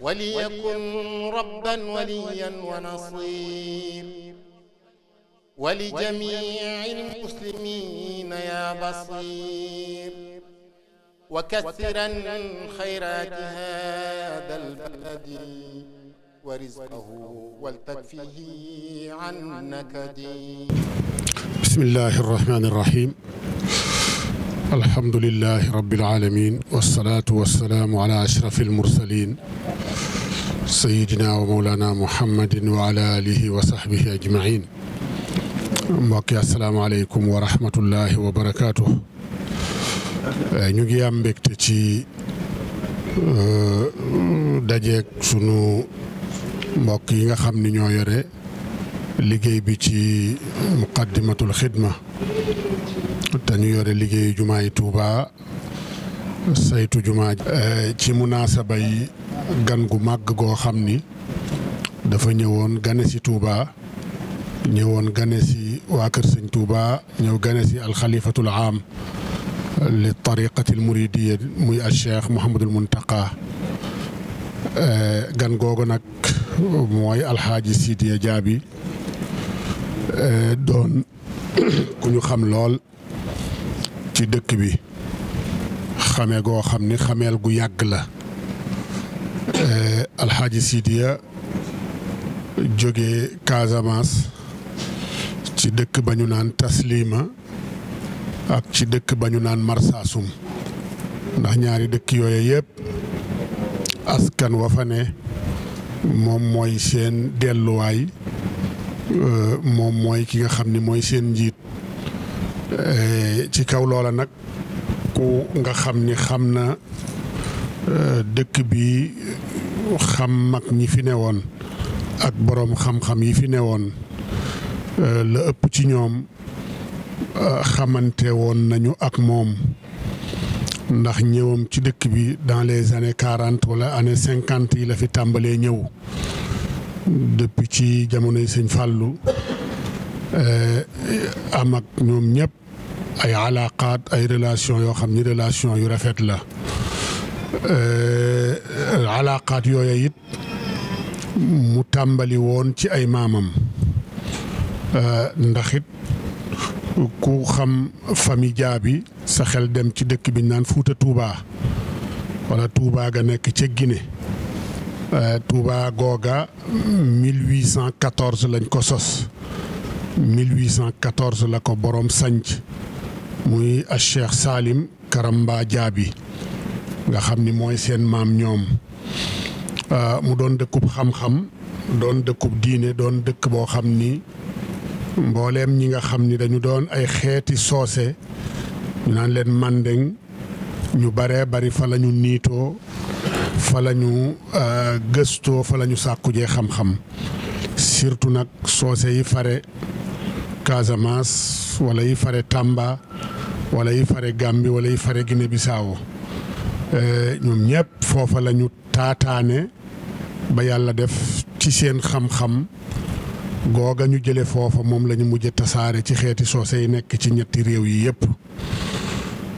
وليكن ربا وليا ونصير ولجميع المسلمين يا بصير وكثرا خيرات هذا البلد ورزقه والتكفيه عن نكدي بسم الله الرحمن الرحيم الحمد لله رب العالمين والصلاة والسلام على أشرف المرسلين sayidina wa mawlana muhammadin wa ala alihi wa sahbihi ajmain mbokki asalaamaaleykum wa rahmatullahi wa barakaatu eh, ñu ngi am mbégte ci eh, dajeeg sunu mbokk yi nga xam ni ñoo yore liggéey bi ci muqaddimatul xidma te ñu yore liggéeyu jumaay Tuuba saytu jumaa eh, ci munaasaba yi gan gu màgg goo xam ni dafa ñëwoon gane si Touba ñëwoon gane si waa Kër Sëñ ñëw gane si alxalifatul aam li tariqatil muridiya muy al cheikh Mouhamadul Muntaqa eh, gan googu nag mooy alxaaji Sidiya Jaabi eh, doon ku ñu xam lool ci dëkk bi. xame goo xam ni xameel gu yàgg la eh, alxaaji Sidiya jóge Casamance ci dëkk ba ñu naan Taslima ak ci dëkk ba ñu naan Marsasum ndax ñaari dëkk yooyu yëpp askan wa fa ne moom mooy seen delluwaay eh, moom mooy ki nga xam ni mooy seen njiit eh, ci kaw loola nag kooku nga xam ni xam na euh, dëkk bi xam mag ñi fi newoon ak boroom xam-xam yi fi newoon euh, la ëpp ci ñoom euh, xamante woon nañu ak moom ndax ñëwam ci dëkk bi dans les années quarante wala années cinquante yi la fi tàmbalee ñëw depuis ci jamonoy sëñ Fàllu am ak ñoom ñëpp. ay alaaqaat ay relation yoo xam ni relation yu rafet la eh, alaaqaat yooya it mu tàmbali woon ci ay maamam eh, ndaxit ku xam famille Dia bi sa xel dem ci dëkk bi naan Fuuta Touba walla Touba ga nekk ca Guinée eh, Touba googa 1814 lañ ko sos 1814 la ko boroom sanc muy a Cheikh Salim Karamba Jaabi nga xam ni mooy seen maam ñoom ah, mu doon dëkkub xam-xam doon dëkkub diine doon dëkk boo xam ni mbooleem ñi nga xam ni dañu doon ay xeeti soose ñu naan leen mandeng ñu baree bari fa la ñu niitoo fa lañu ñu ah, gëstoo fa la ñu sàkkujee xam-xam surtout nag soose yi fare Casamance wala yi fare tàmba wala yi fare Gambie wala yi fare Guinée Bissau eh, ñoom ñëpp foofa la ñu taataane ba yàlla def ci seen xam-xam googa ñu jële foofa moom lañu ñu mujj tasaare ci xeeti soose yi nekk ci ñetti réew yi yëpp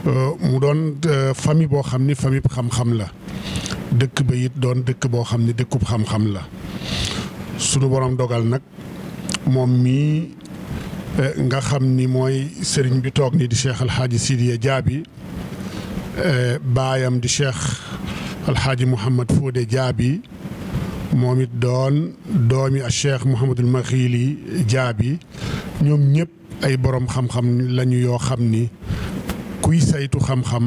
eh, mu doon eh, famille boo xam ni famille xam-xam la dëkk ba it doon dëkk boo xam ni dëkkub xam-xam la sunu borom dogal nag moom mii Eh, nga xam ni mooy sëriñ bi toog ni di cheikh alxaaji Sidiya Jaabi eh, baayam di cheikh alxaaji Mouhamad Fodé Jaabi moom it doon doomi a cheikh Mouhamadul Maxiili Jaabi ñoom ñëpp ay boroom xam-xam lañu yoo xam ni kuy saytu xam-xam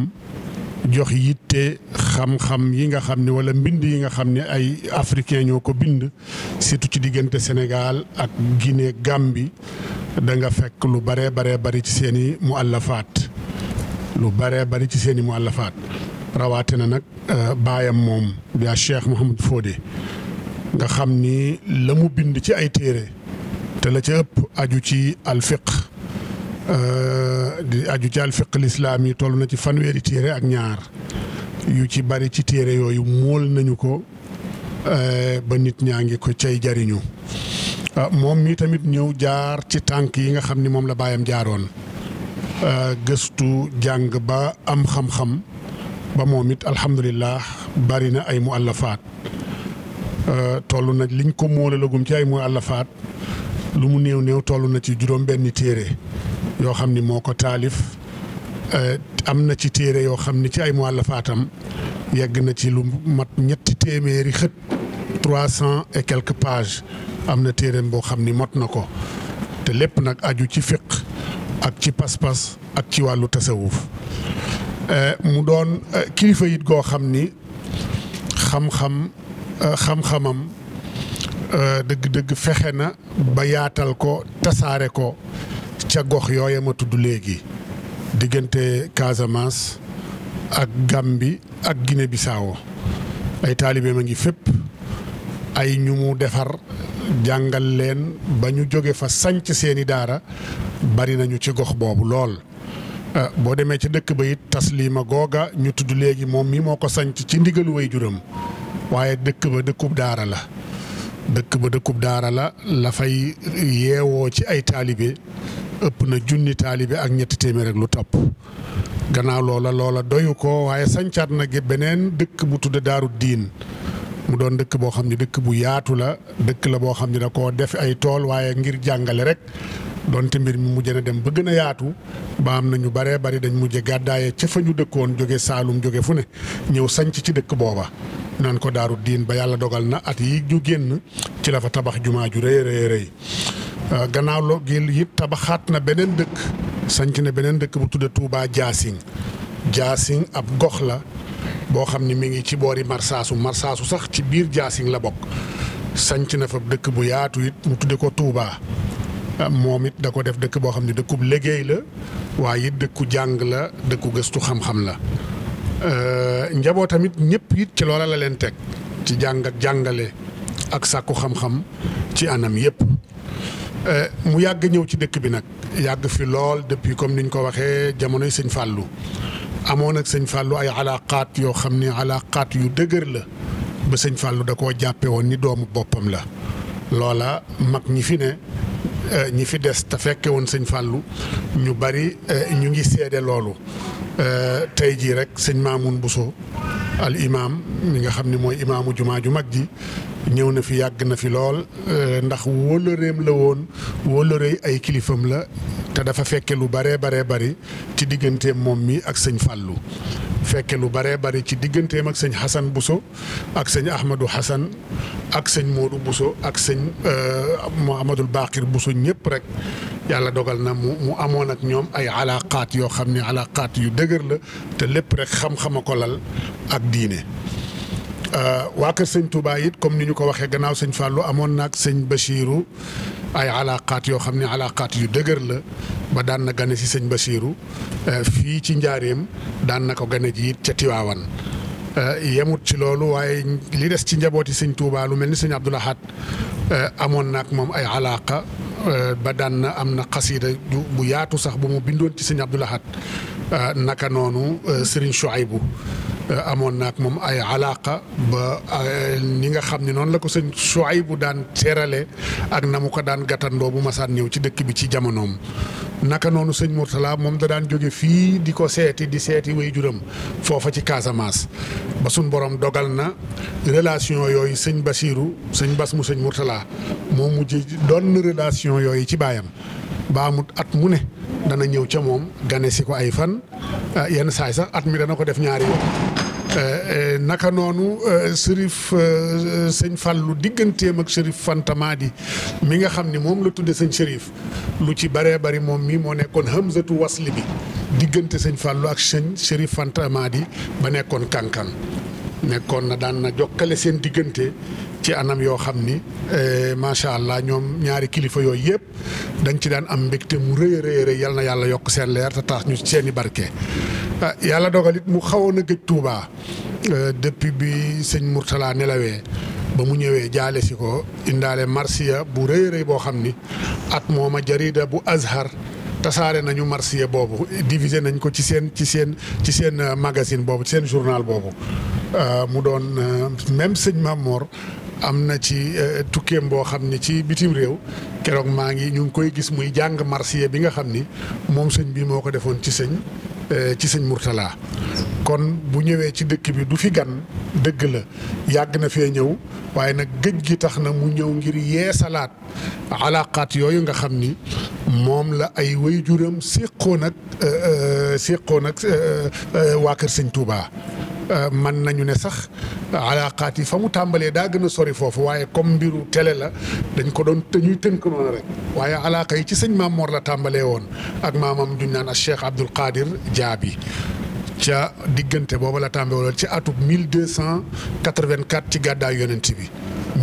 jox yitte xam-xam yi nga xam ni wala mbind yi nga xam ni ay africain ñoo ko bind surtout ci diggante senegaal ak Guinée Gambie da nga fekk lu baree baree bari ci seen i mu àllafaat lu bare bari ci seeni i mu na rawatina nag euh, baayam moom yaa Cheikh Mouhamad Fodé nga xam ni la mu bind ci ay téere te la ca aju ci alfiq Euh, di aju ci alfiq lislaam yi toll na ci fanweeri téere ak ñaar yu ci bari ci téere yooyu mool nañu ko euh, ba nit ñaa ngi ko cay jariñu euh, moom mi tamit ñëw jaar ci tànk yi nga xam ni moom la baayam jaaroon gëstu jàng ba am xam-xam ba moom it alhamdulilah bari na ay mu àllafaat toll na liñ ko moole lagum ci ay mu àllafaat lu mu néew néew toll na ci juróom-benni téere yoo xam ni moo ko taalif euh, am na ci téere yoo xam ni ci ay muallafaatam yegg na ci lu mat ñetti téeméeri xët trois cent et quelques pages am na téereem boo xam ni mot na ko te lépp nag aju ci fiq ak ci pas-pas ak ci wàllu tasawuf euh, mu doon euh, kilifa yit goo xam ni xam-xam xam-xamam Euh, dëgg-dëgg fexe na ba yaatal ko tasaare ko ca gox yooya ma tudd léegi diggante Casamance ak gàmbi ak Guinée Bissau ay taalibeem a ngi fépp ay ñu mu defar jàngal leen ba ñu jóge fa sañc seeni daara bari nañu ci gox boobu lool euh, boo demee ca dëkk ba it taslima googa ñu tudd léegi moom mii moo ko sanc ci ndigalu way juram waaye dëkk ba dëkkub daara la dëkk ba dëkkub daara la la fay yeewoo ci ay taalibe ëpp na junni taalibe ak ñetti téeméer ak lu topp gannaaw loola loola doyu ko waaye sancaat na gi beneen dëkk bu tudda daaru diin mu doon dëkk boo xam ne dëkk bu yaatu la dëkk la boo xam ne da ko def ay tool waaye ngir jàngale rek donte mbir mi mujj na dem ba gën yaatu ba am na ñu baree bari dañ mujje gàddaaye ca fa ñu dëkkoon jóge Saalum jóge fu ne ñëw sañc ci dëkk booba naan ko daaru diin ba yàlla dogal na at yi ñu génn ci la fa tabax jumaa ju rëy rëy euh, gannaaw loo gil it tabaxaat na beneen dëkk sanc na beneen dëkk bu tudda Touba Jaasing Jaasing ab gox la boo xam ni mi ngi ci boori marsaasu marsaasu sax ci biir Jaasing la bokk sanc na fa dëkk bu yaatu it mu tudde ko Touba moom it da ko def dëkk boo xam ne dëkkub liggéey la waaye dëkku jàng la dëkku gëstu xam-xam la euh, njaboo tamit ñëpp it ci loola la leen teg ci jàng ak jàngale ak sàkku xam-xam ci anam yëpp euh, mu yàgg ñëw ci dëkk bi nag yàgg fi lool depuis comme niñ ko waxee jamonoy sëñ fàllu amoon ak sëñ fàllu ay alaqaat yoo xam ne alaqaat yu dëgër la ba sëñ fàllu da koo jàppe woon ni doomu boppam la loola mag ñi fi ne Euh, ñi fi des te fekke woon sëñ Fallou ñu bari euh, ñu ngi seede loolu euh, tey jii rek sëñ Mamoun Bousso al imaam mi nga xam ne mooy imaamu jumaa ju mag ji ñëw na fi yàgg na fi lool euh, ndax wóllëreem la woon wóllërey ay kilifam la te dafa fekke lu baree baree bari ci digganteem moom mi ak sëñ Fallou fekke lu baree bari ci digganteem ak sëñ Hassan Bousso ak sëñ Ahmadou Hassan ak sëñ Modou Bousso ak sëñ euh, Mouhamadul Bakir Bousso ñëpp rek yàlla dogal na mu mu amoon ak ñoom ay alaqaat yoo xam ne alaqaat yu dëgër la te lépp rek xam-xama ko lal ak diine Euh, waa kër sëñ Touba it comme ni ñu ko waxee gannaaw sëñ Fallou amoon naag sëñ Bachirou ay alaaqaat yoo xam ne alaaqaat yu dëgër la ba daan na gane si sëñ Bachirou euh, fii ci njaareem daan na ko gane ji it ca Tiwaawan euh, yemut ci loolu waaye li des ci njaboot yi sëñ Touba lu mel ni sëñ Abdoul Ahad amoon naag moom ay alaaqa ba daan na am na xasiida bu yaatu sax bu mu bindoon ci sëñ Abdoul naka noonu Serigne Chouaibou amoon naag moom ay alaaqa ba euh, ni nga xam ne noonu la ko sëñ Suwayb bu daan terale ak na mu ko daan gàttandoo bu masaan ñëw ci dëkk bi ci jamonoom naka noonu sëñ Mourtala moom da daan jóge fii di ko seeti di seeti waajuram foofa ci Casamance ba suñ borom dogal na relation yooyu sëñ Basiiru sëñ Bas mu sëñ Mourtala moo mujj doon relation yooyu ci baayam baa amut at mu ne dana ñëw ca moom gane si ko ay fan euh, yenn saay sax at mi dana ko def ñaari yoon euh, euh, naka noonu sërif sëñ Fallou digganteem ak sërif di mi nga xam ni moom la tudde sëñ sërif lu ci baree bari moom mii moo nekkoon hamzatu wasli bi diggante sëñ Fallou ak sëñ sërif di ba nekkoon kankan nekkoon na daan na jokkale seen diggante ci anam yoo xam ni eh, macha allah ñoom ñaari kilifa yooyu yëpp dañ ci daan am mbégte mu rëy a rëy yal na yàlla yokk seen leer te taas ñu seen i barke. Ah, yàlla dogal it mu xawoon a gëj Touba eh, depuis bi sëñ Mourtala nelawee ba mu ñëwee jaale si ko indaale marsiya bu rëy rëy boo xam ni at mooma jarida bu azhar tasaare nañu marsiya boobu divisé nañ ko ci seen ci seen ci seen eh, magazine boobu seen journal boobu mu doon même sëñ Mamor am na ci eh, tukkeem boo xam ni ci bitim réew keroog maa ngi ñu ngi koy gis muy jàng marsiya bi nga xam ni moom sëñ bii moo ko defoon ci sëñ eh, ci sëñ Mourtala kon bu ñëwee ci dëkk bi du fi gan dëgg la yàgg na fee ñëw waaye nag géej gi tax na mu ñëw ngir yee salaat alaaqaat yooyu nga xam ni moom la ay way juram séqoon ak eh, séqoon ak waa kër sëñ Touba. Euh, man nañu ne sax alaaqaat yi fa mu tàmbalee daa gëna sori foofu waaye comme mbiru télé la dañ ko doon dañuy tënk noonu rek waaye alaaqa yi ci sëñ Maam Mor la tàmbalee woon ak maamam duñ naan a Cheikh Abdoul Qadir Jaabi ca diggante booba la tàmbalee woon ci atub 1284 ci gàddaay yonent bi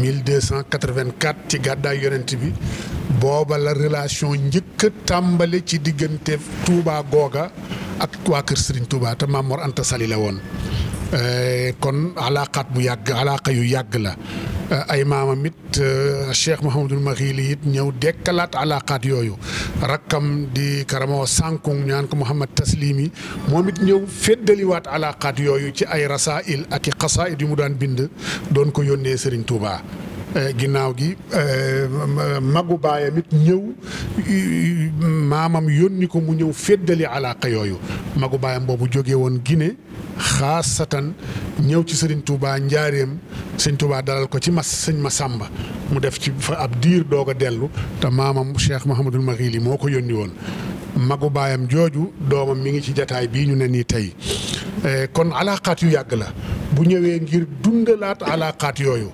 1284 ci gàddaay yonent bi booba la relation njëkk tàmbali ci diggante Touba googa ak waa kër Serigne Touba te Mamor Anta la woon Euh, kon alaaqaat bu yàgg alaaqa yu yàgg la euh, ay maamam it euh, Cheikh Mouhamadul Makhili it ñëw dekkalaat alaaqaat yooyu rakkam di karama sànkung ñaan ko Mouhamad Taslimi moom it ñëw féddaliwaat alaaqaat yooyu ci ay rasail ak i xasaid yu mu daan bind doon ko yónnee Serigne Touba. Eh, ginnaaw gi eh, magu baayam it ñëw maamam yónni ko mu ñëw féddali alaaka yooyu magu baayam boobu jógee woon Guinée xaasatan ñëw ci Serigne Touba njaareem Serigne Touba dalal ko ci mas sëñ ma Masamba mu def ci fa ab diir doog a dellu te maamam Cheikh Mouhamadul Maghili moo ko yónni woon. magu baayam jooju doomam mi ngi ci jataay bii ñu ne nii tey eh, kon alaakaat yu yàgg la bu ñëwee ngir dundalaat alaakaat yooyu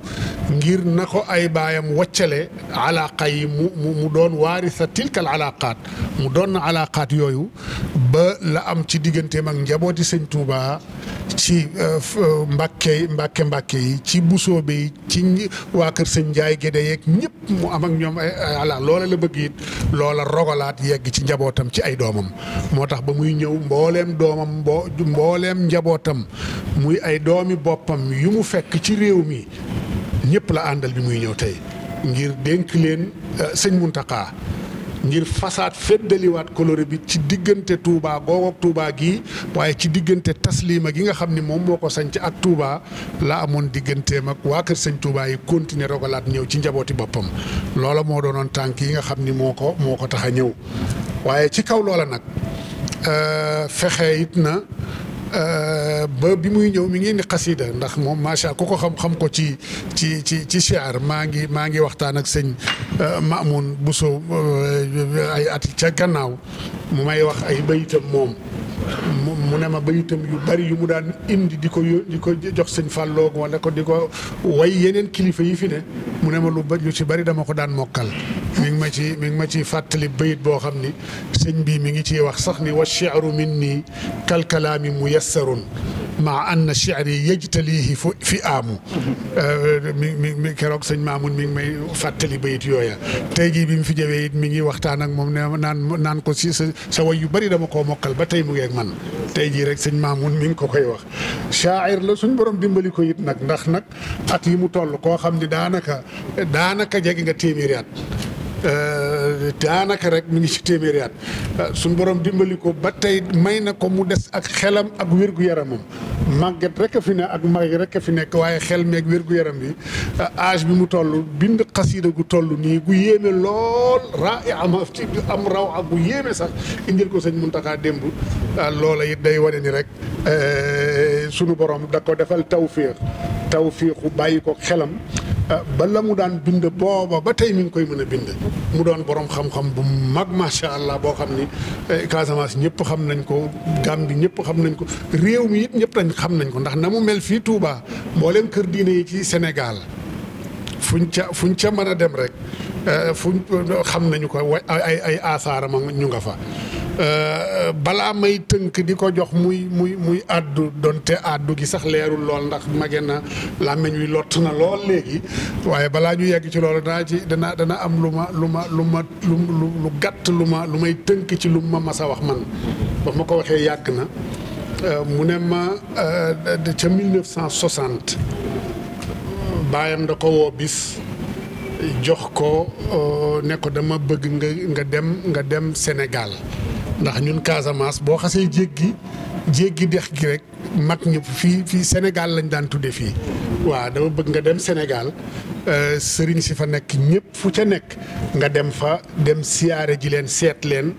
ngir nako ay baayam waccale alaaka yi mu mu doon sa tilkal alaakaat mu doon na alaakaat yooyu ba la am ci digganteem ak njabooti sëñ Touba ci eh, eh, mbàkke mbàkke mbàkke yi ci busoobe yi ci waa kër sëñ Njaay Gédé yeeg ñëpp mu am ak ñoom ay ala loola la bëgg it loola rogolaat yegg ci njabootam ci ay doomam moo tax ba muy ñëw mbooleem doomam mbo mbooleem njabootam muy ay doomi boppam yu mu fekk ci réew mi ñëpp la àndal bi muy ñëw tey ngir dénk leen euh, sëñ Muntaxa ngir fasaat feddaliwaat kolore bi ci diggante Touba googoog tuubaa gii waaye ci diggante taslima gi nga xam ni moom moo ko sañc ak Touba la amoon digganteem ak waa kër sëñ Touba yi continuer rogalaat ñëw ci njabooti boppam loola moo doonoon tànk yi nga xam ni moo ko moo ko tax a ñëw waaye ci kaw loola nag euh, fexe it na euh, ba bi muy ñëw mu ngeen di xasida ndax moom macha ku ko xam-xam ko ci ci ci ci siyaar maa ngi maa ngi waxtaan ak sëñ euh, Maamun Buso ay at ca gannaaw mu may wax ay bayitam moom mu ne ma bayitam lu bari yu mu daan indi di ko di ko jox sëñ Fallou wala ko di ko way yeneen kilifa yi fi ne mu ne ma lu lu ci bari dama ko daan mokkal mi ma ci mi ma ci fàttali bayit boo xam ni sëñ bii mi ngi ciy wax sax ni wa shi'ru minni kalkalaami muyassarun maa anna shi'ri yajtalihi fi aamu euh, mi mi mi keroog sëñ Maamun mi ngi may fàttali bayit yooya tey jii bi mu fi jëwee mi ngi waxtaan ak moom ne naan naan ko si sa sa way yu bëri dama koo mokkal ba tey mu ngeeg man tey jii rek sëñ Maamun mi ngi ko koy wax shaa'ir la suñ borom dimbali ko it nag ndax nag at yi mu toll koo xam ne daanaka daanaka jege nga téeméeri at euh, daanaka rek mu ngi ci téeméeri at ah, suñu borom dimbali ko ba tey may na ko mu des ak xelam ak wér-gu-yaramam màgget rek fi ne ak mag rek a fi nekk waaye xel meeg wér-gu-yaram bi ah, âge bi mu toll bind xasiida gu toll nii gu yéeme lool raa am am raw ak gu yéeme sax indil ko sëñ Muntaxa démb ah, loola it day wane ni rek eh, sunu borom da ko defal tawfiix tawfiixu bàyyi ko xelam Ah, ba la mu daan bind booba ba tey mi ngi koy mën a bind mu doon borom xam-xam bu mag macha allah boo xam ni eh, Casamance ñëpp xam nañ ko Gambie ñëpp xam nañ ko réew mi it ñëpp dañ xam nañ ko ndax na mu mel fii Touba mbooleem kër diine yi ci Sénégal fuñ ca fuñ ca man a dem rek Euh, fu xam nañu ko wa ay ay asaara ma ñu nga fa. Euh, balaa may tënk di ko jox muy muy muy àddu donte àddu gi sax leerul lool ndax mage na làmmiñ wi lot na lool léegi waaye balaa ñu yegg ci loolu danaa ci dana am lu ma lu ma lu ma lu lu gàtt lu ma lu may tënk ci lu ma mas a wax man ba ma ko waxee yàgg na euh, mu ne ma ca 1960 baayam da ko woo bis jox ko euh, ne ko dama bëgg nga nga dem nga dem Sénégal ndax ñun Casamance boo xasee jéggi jéggi dex gi rek mag ñëpp fii fii Sénégal lañ daan tudde fii waaw dama bëgg nga dem Sénégal euh, sëriñ si fa nekk ñépp fu ca nekk nga dem fa dem siyaare ji leen seet leen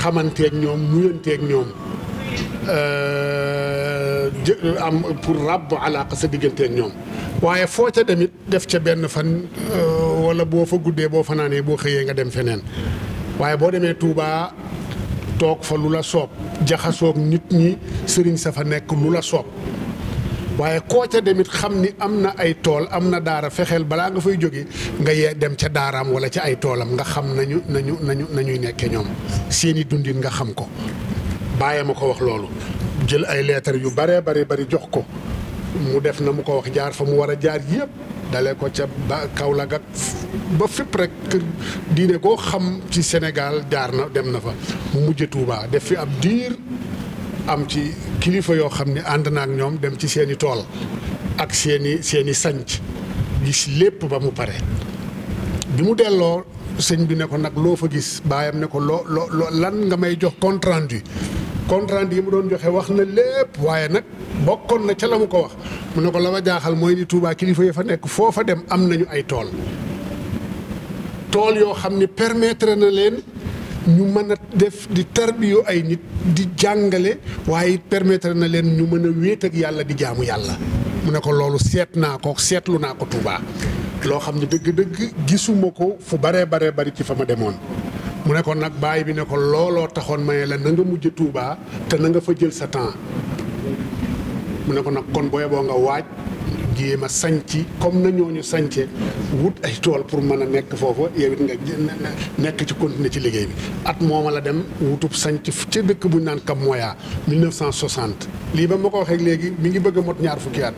xamanteeg ñoom nuyanteeg ñoom euh, am pour ràbb alaaka sa digganteeg ñoom waaye foo ca demit def ca benn fan euh, wala boo fa guddee boo fanaanee boo xëyee nga dem feneen waaye boo demee Touba toog fa lu la soob jaxasoog nit ñi sëriñ sa fa nekk lu la soob waaye koo ca demit xam ni am na ay tool am na daara fexeel balaa nga fay jóge nga yee dem ca daaraam wala ca ay toolam nga xam nañu nañu nañu nañuy nekkee ñoom seeni dundin nga xam ko bàyyi ma ko wax loolu jël ay leetar yu bare bari bari jox ko mu def na mu ko wax jaar fa mu war a jaar yëpp dalee ko ca ba Kaolack ak ba fépp rek kër diine koo xam ci senegal jaar na dem na fa mu mujj Touba def fi ab diir am ci kilifa yoo xam ne ànd na ak ñoom dem ci seeni tool ak seeni seeni sanc gis lépp ba mu pare bi mu delloo sëñ bi ne ko nag loo fa gis baayam ne ko loo loo lan nga may jox compte rendu compte rendu yi mu doon joxe wax na lépp waaye nag bokkoon na ca la mu ko wax mu ne ko la jaaxal mooy ni Touba kilifa yi fa nekk foofa dem am nañu ay tool tool yoo xam ne permettre na leen ñu mën a def di tarbiyu ay nit di jàngale waaye it permettre na leen ñu mën a wéet ak yàlla di jaamu yàlla mu ne ko loolu seet naa ko seetlu naa ko Touba loo xam ne dëgg-dëgg gisuma ko fu baree baree bari ci fa ma demoon mu ne ko nag baay bi ne ko looloo taxoon maye la na nga mujj Touba te na nga fa jël sa temps mu ne ko nag kon booy boo nga waaj jéem a sañci comme na ñooñu sañce wut ay tool pour mën a nekk foofa yow it nga nekk ci continuer ci liggéey bi at mooma la dem wutub sañc ca dëkk bu ñu naan Kamoya 1960 lii ba ma ko waxee léegi mi ngi bëgg a mot ñaar fukki at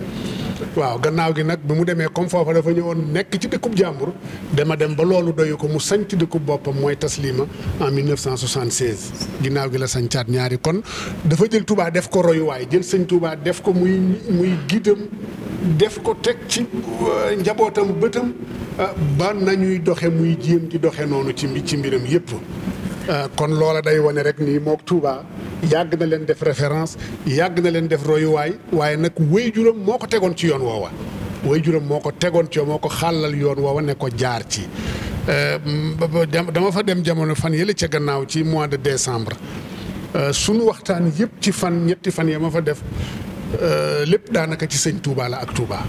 waaw gannaaw gi nag bi mu demee comme foofa dafa ñëw woon nekk ci dëkkub jàmbur dama dem ba loolu doyu ko mu sañc dëkkub boppam mooy taslima en 1976. ginnaaw gi la sañcaat ñaari kon dafa jël Touba def ko royuwaay jël sañ Touba def ko muy muy giddam def ko teg ci euh, njabootam bëtam euh, ba nañuy doxe muy jéem di doxe noonu ci ci mbiram yépp Euh, kon loola day wane rek nii mook Touba yàgg na leen def référence yàgg na leen def royuwaay waaye nag wéy juróom moo ko tegoon ci yoon woowa wéy juróom moo ko tegoon ci moo ko xàllal yoon woowa ne ko jaar ci euh, dama fa dem jamono fan yële ca gannaaw ci mois de décembre euh, sunu waxtaan yëpp ci fan ñetti fan ya ma fa def lépp daanaka ci sëñ Touba ak Touba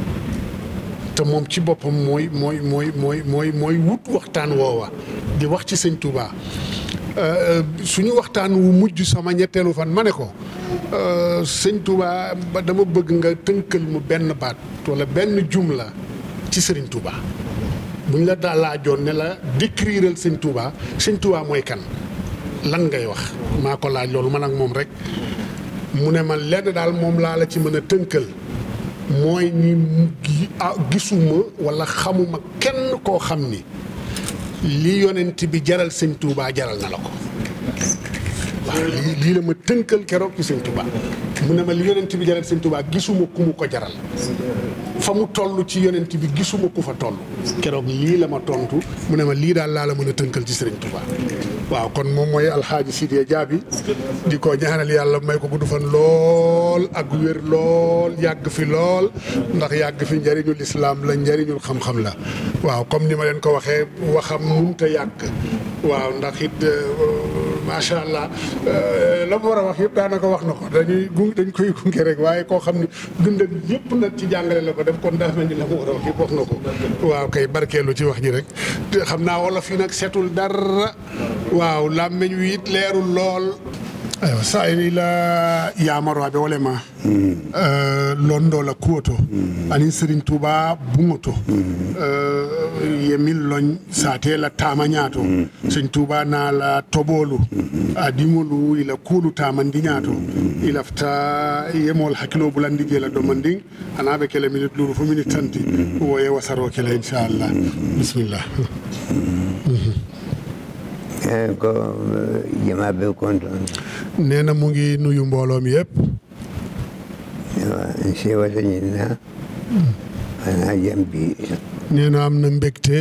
te moom ci boppam mooy mooy mooy mooy mooy mooy wut waxtaan woowa di wax ci sëñ Euh, euh, suñu waxtaan wu mujj sama ñetteelu fan ma ne ko euh, sëñ Touba ba dama bëgg nga tënkal mu benn baat walla benn jumla ci sëriñ Touba buñ la daa laajoon ne la décriral sëñ Touba sëñ Touba mooy kan lan ngay wax. maa ko laaj loolu man ak moom rek mu ne ma lenn daal moom laa la ci mën a tënkal mooy ni ah, gisuma walla xamuma kenn koo xam ni. li yonent bi jaral sëñ tuubaa jaral na la ko waaw lii lii la ma tënkal keroog ci sëñ Touba mu ne ma li yonent bi jaral sëñ Touba gisuma ku mu ko jaral fa mu toll ci yonent bi gisuma ku fa toll keroog lii la ma tontu mu ne ma lii daal laa la mën a tënkal ci sëriñ Touba waaw kon moom mooy alxaaji Sidiya Jaabi di ko ñaanal yàlla may ko gudd fan lool ak wér lool yàgg fi lool ndax yàgg fi njëriñul islaam la njëriñul xam-xam la waaw comme ni ma leen ko waxee waxam mënut a yàgg waaw ndax euh, macha allah euh, la war a wax yëpp daanaka wax na ko dañuy gun dañ koy gunge rek waaye koo xam ne dundam yëpp nag ci jàngale la ko def kon dafa mel ni la war a wax yëpp wax na ko waaw kay barkeelu ci wax ji rek xam naa wolof yi nag setul dara waaw làmmiñ wi it leerul lool aywa sahilila yamaroɓe wolema londola kuwo to anin sérine touba buŋo to yemin la hmm. hmm. satela hmm. tamaña to sérine touba naala toɓolu adimolu ila kuolu tamandiña to ilafta yemol hakkilo bulandi jeela domandin anaɓe kele minute luru fo minute tanti woye wasaro kele inchallah bisimillah Eh, ko eh, jama mu ngi nuyu mbooloo mi yëpp ana jam am na mbégte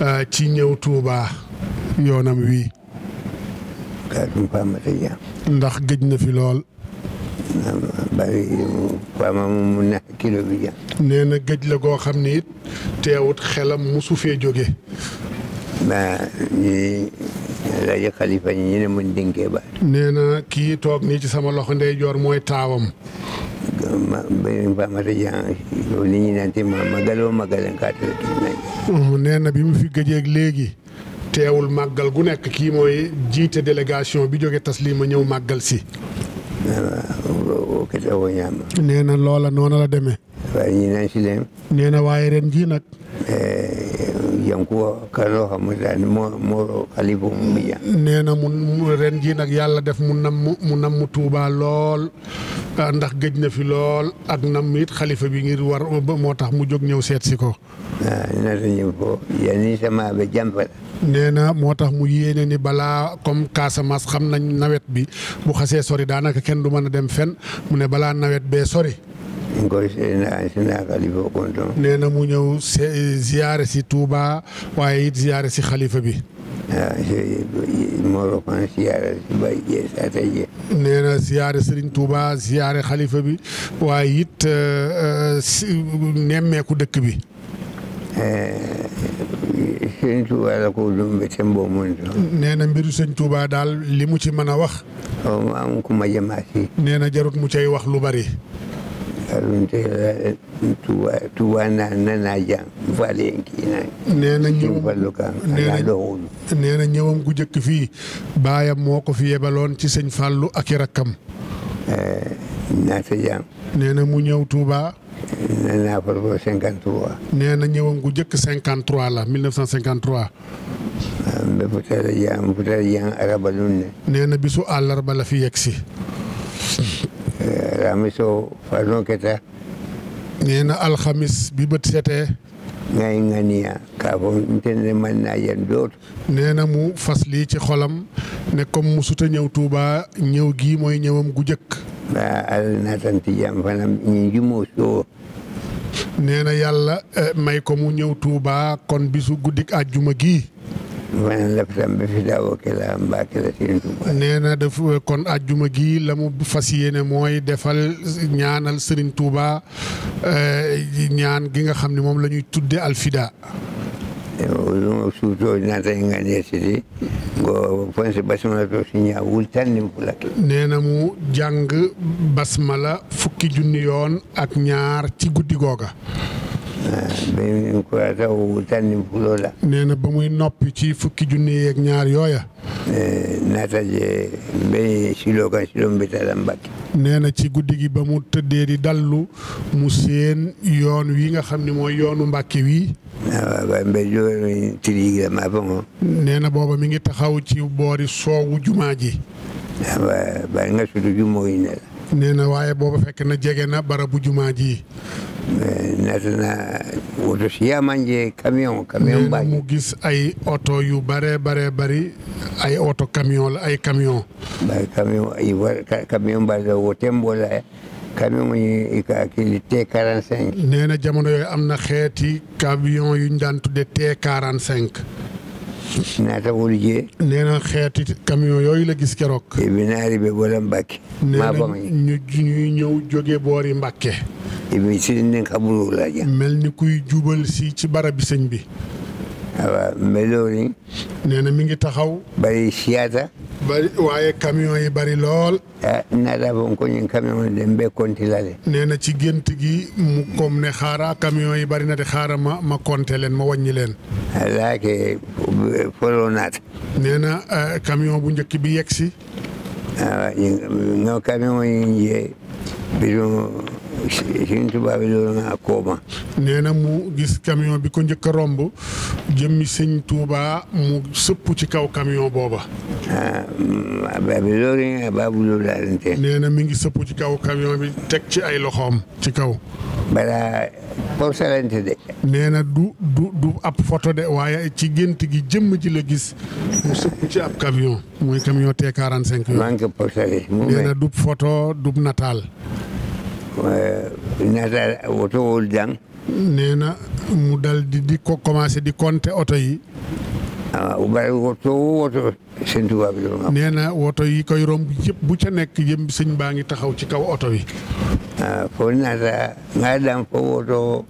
ah, ci ñëw Touba yoonam wi ndax géj na fi lool bari paama la goo xam ne it teewut xelam musu fee jóge ma ñuy rajo Khalifa ñi ñu ne mun dénkee baat. nee na kii toog nii ci sama loxo ndeyjoor mooy taawam. ma beneen ba ma rajo li ñu ma magaloo magaleen uhm, nee na bi mu fi gëjeeg léegi. teewul màggal gu nekk kii mooy jiite délégation bi jóge ma ñëw màggal si. Ah, nee na loola noonu la demee. waaye ñu naan si leen. nee na waaye ren jii nag. Eh, yankuwa kalo hamudani moro halibo muya nee na mu ren jii nag yàlla def mu nammu mu nammu mu lool ah, ndax gëj na fi lool ak nam it xalifa bi ngir war moo tax mu jóg ñëw seet si ko ah, nata ñëw ko yani na moo tax mu yéene ni balaa comme Casamance xam nañ nawet bi bu xasee sori daanaka kenn du mën a dem fen mu ne balaa nawet bee sori ñu ngi koy xalifa kontoon. nee na mu ñëw ziyaare si Touba waaye it ziyaare si xalifa bi. ah Mor Kane ziyaare si Baye Diès Ataye. ziyaare Serigne Touba ziyaare xalifa bi waaye it eh, eh, si nemmeeku dëkk bi. Eh, sëñ Touba la ko dum ba sën boo mën. nee mbiru sëñ Touba daal li mu ci mën a wax. xaw ma am ku ma jëmaat si. nee jarut mu cay wax lu bari. tuba eh, tuba na nana jan faale kina nee na ñëw fallu ka ana doxul nee ñëwam gu jëkk fii baayam moo ko fi yebaloon ci sëñ Fallou ak i rakkam eh, naata jan nee mu ñëw Touba eh, nee naa farba 53 nee na ñëwam gu jëkk 53 la 1953 mbe futata jan futata jan araba lun ne nee bisu àllarba la fi yegsi alhamiso eh, façon keta nee na alxamis bi bët setee ngay ŋaniya ah, kaa fo ntene man naa yen doot nee na mu fas lii ci xolam ne comme mu suta ñëw tuubaa ñëw gii mooy ñëwam gu jëkk waa al naatan tijaam fanam ñi njumoo soo nee yàlla eh, may ko mu ñëw tuubaa kon bisu guddik àjjuma gii ma ne laftam bi fi daawoo Kella Mbacke la Serigne Touba. nee na euh, kon ajjuma gi la mu fas yéene mooy defal ñaanal Serigne Touba euh, ñaan gi nga xam ne moom la ñuy tudde Alfida. lumo suuto naata e nganndee sidi ngo fonse basmala to siña wultannim fulake nee na mu jàng basmala fukki junni yoon ak ñaar ci guddi googa nee na ba muy noppi ci fukki junni ñaar yooya. naataje be silo kan nee na ci guddi gi ba mu tëddee di dallu mu yoon wi nga xam ne mooy yoonu Mbàkke wi. nee na booba mi ngi taxaw ci boori soowu jumaa ji. nee na waaye booba fekk na jege na barabu jumaa ji. na woto siya manje camion camion baa mu gis ay oto yu bare bare bari ay oto camion la ay camion ay camion camion baa la wotembo la camion yi kii T45 nee na jamono yooyu am na xeeti camion yu ñu daan tudde T45 naata wolu jee nee na xeeti camion yooyu la gis keroog e bi naari be bola Mbàkke nee na ñu ñuy ñëw jóge boori Mbàkke mel ni kuy jubal si ci barab bi bi. waaw melooni. nee na mi ngi taxaw. bari siyaata. bari waaye kamiyon yi bari lool. ah naata fo ko ñun camion de mbe compté la de. nee na ci gént gi mu comme ne xaara camion yi bari na de xaara ma ma leen ma wàññi leen. ala ke folo naata. nee na eh, bu njëkk bi yegg si. ah non yi ñu Sëriñ mu gis camion bi ko njëkk romb jëmmi Sëriñ ci kaw camion booba. Ah, mi ngi sëpp ci kaw camion bi teg ci ay loxoom ci kaw. balaa kaw de. nee du du ab photo de waaye ci gént gi jëmm ji la gis mu sëpp ci ab camion. mooy camion T45. maa ngi ko nee na du photo du nataal. Eh, ñaata oto wul jàng. nee na mu dal di di ko commencé di compter oto yi. ah bari woto woto sëñ Tuubaa bi woto yi koy romb yëpp bu ca nekk yëm sëñ baa ngi taxaw ci kaw oto yi. ah fo naata daan fo woto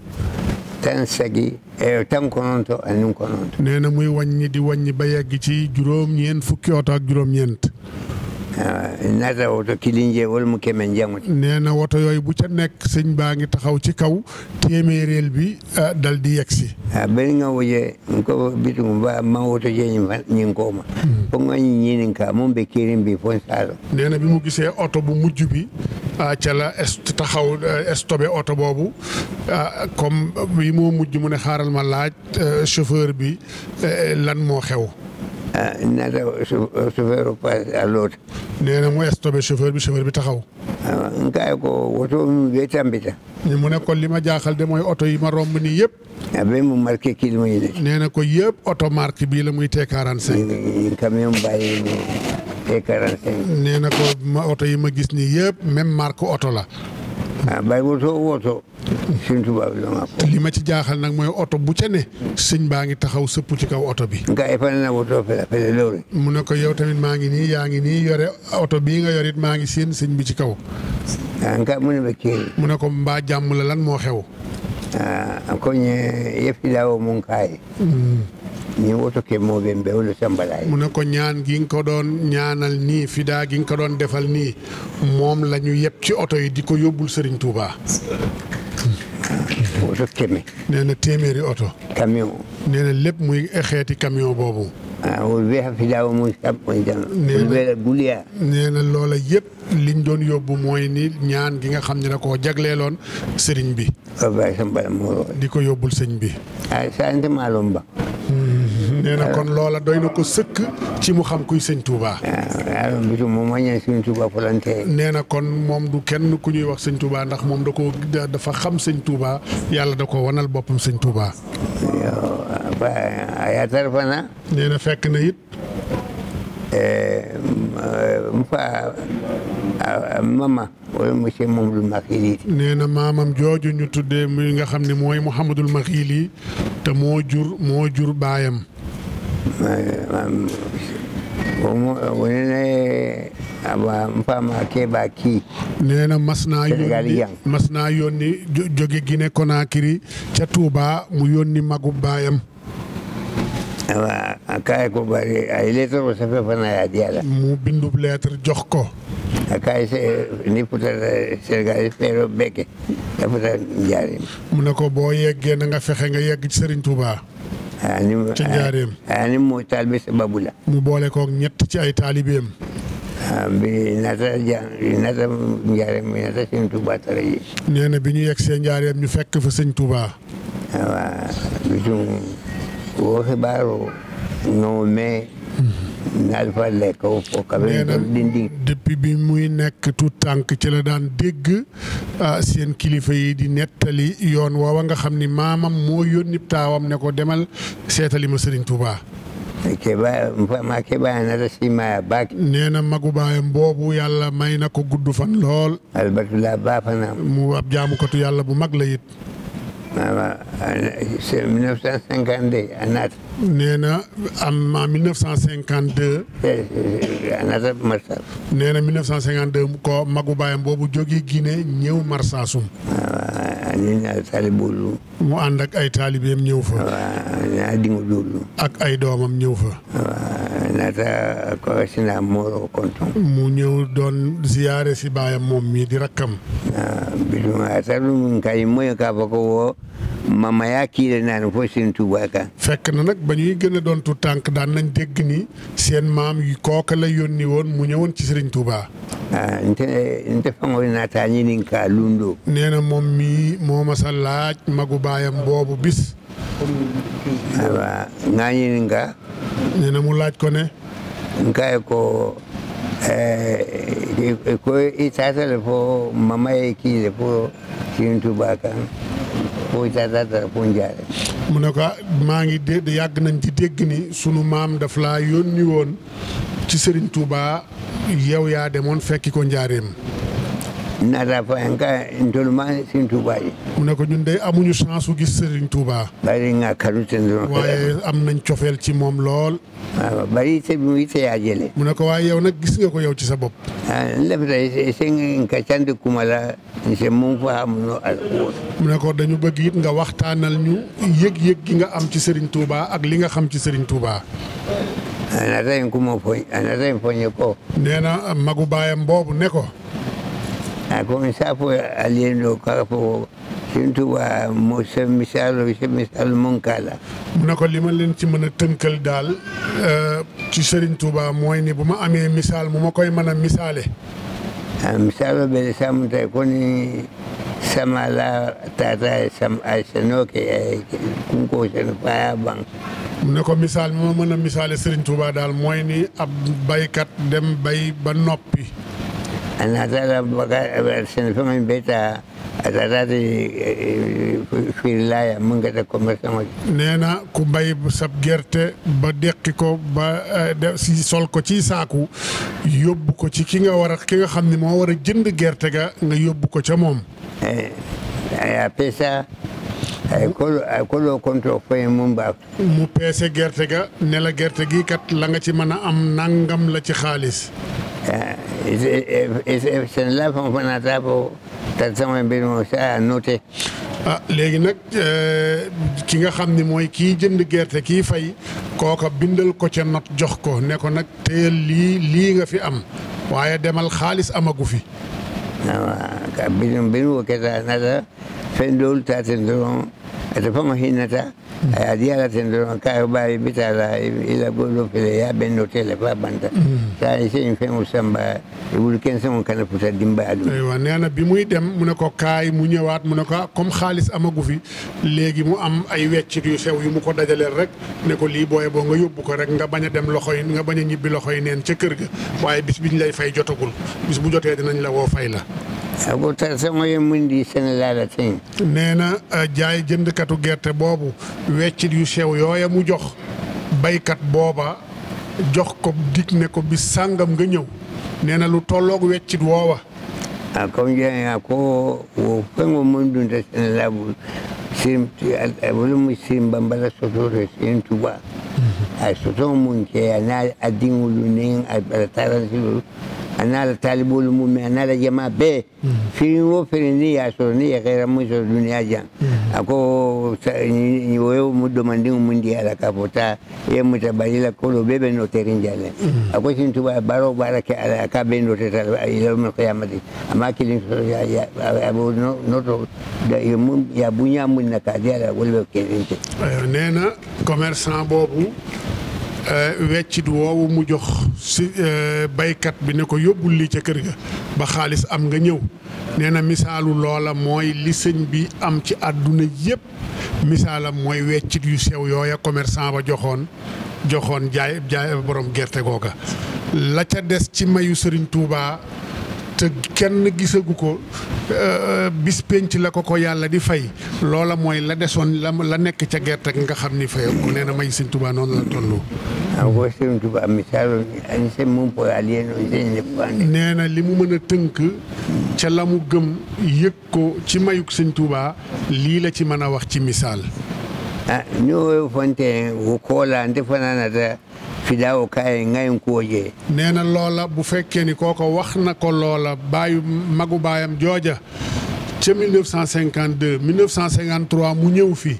tan eh, tan kononto anin eh, kononto. nee na muy wàññi di waññi ba yegg ci juróom-ñeent fukki oto ak juróom-ñeent. Eh, nata woto kilinje wol mu kemen jangude nee na woto yooyu bu ca nekk sëñ baa ngi taxaw ci kaw téeméeréel bi eh, dal di yegsi ah, bari nga woje ko bitum ba ma woto je ñin kooma hmm. fo nga ñinin ka moom be kirin bi fon saalo nee na bi mu gisee oto bu mujj bi ah, ca la taxaw eh, stopé oto boobu ah, comme bi moo mujj mu ne xaaral ma laaj chauffeur bi lan moo xew na daw chauffeur passe à l'autre nee na mu stoppé chauffeur bi chauffeur bi taxaw waaw eh, nga ay ko woto mi be mu ne ko li ma jaaxal de mooy oto yi ma romb nii yëpp eh, abe mu marqué kilimo yi nee na ko yëpp oto marque bii la muy T45 camion bàyyi t ko ma oto yi ma gis nii yëpp même marque oto la ah bàyyi woto li ma ci jaaxal nag mooy oto bu ca ne. sëñ baa ngi taxaw sëpp ci kaw oto bi. nga ay fan na woto fële loolu. mu ne ko yow tamit maa ngi nii yaa ngi nii yore oto bii nga yor it maa ngi séen sëñ bi ci kaw. ah nga mu ne ma kii. mu ne ko mbaa jàmm la lan moo xew. ah kon eh, yëf yi daawoo mu ngi kaay. Hmm. mi woto ke moɓe mbewlo sambalaye mu ne ko ñaan gi nga ko doon ñaanal nii fidaa gi nga ko doon defal nii moom lañu ñu yëpp ci oto yi di ko yóbbul sëriñ Touba oto keme téeméeri oto camion lépp muy xeeti camion boobu wolbeexa moy tan wolbeela loola yëpp liñ doon yóbbu mooy ni ñaan gi nga xam ne da koo jagleeloon sëriñ bi wabay di ko yóbbul sëñ bi ah, a nee na kon loola doy na ko sëkk ci mu xam kuy sëñ Touba. waaw bisu moom ma ñëw nee na kon moom du kenn ku ñuy wax sëñ Touba ndax moom da ko dafa xam sëñ Touba yàlla da ko wanal boppam sëñ Touba. ba ayatar fana. nee na fekk na it. Eh, mu fa mama wala monsieur Mamadou Makhili. nee na maamam jooju ñu tuddee muy nga xam ne mooy Mouhamadul Makhili te moo jur moo jur baayam. Um, um, wonene awa mpama ke baki nee na mas naa yónni mas naa yónni jóge Guinée Conakry ca Touba mu yónni magu baayam awa a kaye ko bari ay lettre o safe fana yaa diyaala mu bindub lettre jox ko a kaye ni putata Sénégal pero beke a futa njaarim mu ne ko boo yeggee na nga fexe nga yegg Serigne Touba Ah, ci ah, njaareem ani ah, mooy taalibe sababu la mu boole koog ñett ci ay taalibeem bi nata ja nata njaareem bi nata sëñ Touba tara yi nee bi ñu yegg see njaareem ñu fekk fa sëñ Touba waaw bitum wo xibaaru no mais alfa bi muy nekk tànk ci la daan dégg ah, seen kilifa yi di nettali yoon woowa nga xam ni maamam moo yónni ne ko demal seetali ma Serigne nee na magu baayam boobu yàlla may na ko gudd fan lool. mu ab jaamukatu yàlla bu mag la it. Eh, c'est 1952 à naata. nee na am eh, eh, en 1952. à naata Marsassoum. nee na 1952 ko magu baayam boobu jógee Guinée ñëw Marsassoum. waaw ñu naan Taliboulu. mu ànd ak ay taalibeem ñëw fa. waaw ñu naan Dingudoulu. ak ay doomam ñëw fa. nata ko sina moro konton mu ñëw doon ziyaare si baayam moom mii di rakkam ah, biduma taɗum kay moy ka fako wo mama ya kiile naani fo seen tuuba kan fekk na nag ba ñuy gën a doon tu tànk daan nañ dégg ni seen maam yi kooka la yónni woon mu ñëwoon ci sëriñ Tuuba ah, nte nte fango naatañi nin ka lundo nee na moom mii moo ma sa laaj magu baayam boobu bis awa ŋañini nga nee na mu laaj ko ne nkaye ko eh, ko i tatale fo mama ye kiile fo sini tuba kan fo i tatatara fo njaare mu ne ko ah, maa ngi dégg yàgg nañ ci dégg ni sunu maam daf laa yónni woon ci Serigne Touba yow yaa demoon fekki ko njaareem naata fayin ka ntoluma Serigne Touba yi. mu ne ko ñun de amuñu chance su gis Serigne Touba. bari nga kanu te doroŋ. waaye am nañ cofeel ci moom lool. waaw bari mu ite ne ko waaye yow nag gis nga ko yow ci sa bopp. ah lafita se nka cande kuma la se mun fa amuñu alxuur. mu ne ko dañu bëgg it nga waxtaanal ñu yëg-yëg gi nga am ci sëriñ Touba ak li nga xam ci Serigne Touba. anata yen kuma foñ anata yen foñe ko. nee na magu baayam boobu ne ko. a ah, comenzar por aliendo capo Touba moo sa misaal sa misaal Moncala. mu ne ko li ma leen ci mën a tënkal daal eh, ci sëriñ Touba mooy ni bu ma amee misaal mu ma koy mën a misaale. ah misaal bele saamu mu ko misaal mi ma mën a misaale sëriñ Touba daal mooy ni ab baykat dem bay ba noppi. أنها سنفهم بيتها nee na ku mbay sab gerte ba deqi ko ba si sol ko ci saaku yóbbu ko ci ki nga war ki nga xam ni moo war a jënd gerte ga nga yóbbu ko ca moom. ay kolo ay kolo konto koye mu peese gerte ga ne la gerte gi kat la nga ci mën a am nangam la ci xaalis eh, sen eh, eh, lafan fana ta fo tar sama mbir mo sa noté ah léegi nag ki nga xam ni mooy kii jënd gerte kii fay kooka bindal ko ca not jox ko ne ko nag téyel lii lii nga fi am waaye demal xaalis amagu fi బిరువు కదా నద పెండూలు తాతింద్రం అతపమహీనత aya eh, diyala tendoron eh, ka bari bitala ila goɗo fele ya ɓenno tele fa banta sa mm. sen fen samba e wuro kense mon kana puta dimba aɗum eywa eh, nena bi muy dem mu ne ko kaay mu ñëwaat mu ne ko comme xaalis amagu fi léegi mu am ay weccit yu sew yu mu ko dajaleel rek ne ko lii booye boo nga yóbbu ko rek nga bañ a dem loxoy nga bañ a ñibbi loxoy neen ca kër ga waaye bis bi ñu lay fay jotagul bis bu jotee dinañ la woo fay la importation ye mun di Sénégal la tey. nee na euh, jaay jëndkatu gerte boobu weccit yu sew yooya mu jox baykat booba jox ko dig ne ko bi sàngam nga ñëw nee na lu tolloog weccit woowa. ah comme jaay ko wo fengo mun dunta Sénégal bu sim wala mu sim bambala sotore sim tuba. Mhm. Ah, a soto mun kɛ a n'a a denw lu ni a أنا لطالب العلوم أنا لجماعة ب في وفرني أسرني غير مجرد الدنيا جان أكو نيويو مدمندين مندي على كابوتا يمتبادل كله بين نوتين جالين أكو شنتو بارو بارك على كابين نوتين إلى يوم القيامة أما كلين أبو نوتو يا بنيا من نكادي على ولا كلين. نينا كوميرسان بابو Euh, weccit woowu mu jox si euh, baykat bi ne ko yóbbul lii ca kër ga ba xaalis am nga ñëw nee na misaalu loola mooy li sëñ bi am ci àdduna yépp misaalam mooy weccit yu sew yooya commerçant ba joxoon joxoon jaay jaay boroom gerte googa la ca des ci mayu sëriñ Touba. te kenn gisagu ko euh, bis penc la ko ko yàlla di fay loola mooy la desoon la la nekk ca gerte nga xam ni fayam nee may Sëñ Tuubaa noonu la toll. waaw Sëñ Tuubaa misaal nee na li mu mën a tënk ca la mu gëm yëg ko ci mayuk Sëñ Tuubaa lii la ci mën a wax ci misaal. ah fidawo kaye ngayon kuwoje nee na loola bu fekkee ni kooko wax na ko loola baayu magu baayam jooja ca 1952 1953 mu ñëw fi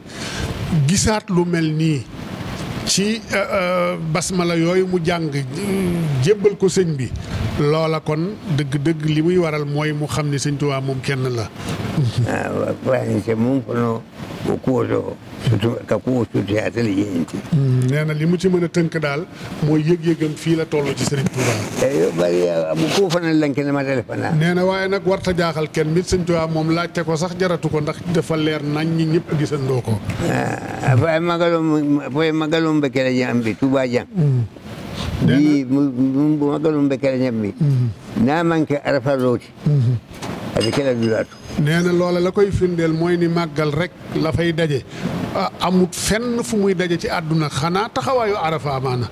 gisaat lu mel nii ci euh, euh, basmala yooyu mu jàng jébbal ko sëñ bi loola kon dëgg-dëgg li muy waral mooy mu xam ne sëñ Tuubaa moom kenn la ah, ko kuwoto surtout ka kuwo surtout ate le yeñinti mm, nee na li mu ci mën a tënk daal mooy yëg-yëgam fii la toll ci Serigne Touba eh, yo mu kuo fana lanke ne ma téléphone nee na waaye nag warta jaaxal kenn mit Serigne Touba moom laajte ko sax jaratu ko ndax dafa leer nañ ñi ñëpp gisandoo ko foye ah, ah, magalom foye magalom be kele jam bi Touba jam mm. bi be kele jam bi mm-hmm. naa manque arafa looti ade nee na loola la koy firndeel mooy ni màggal rek la fay daje ah, amut fenn fu muy daje ci àdduna xanaa taxawaayu arafa amaana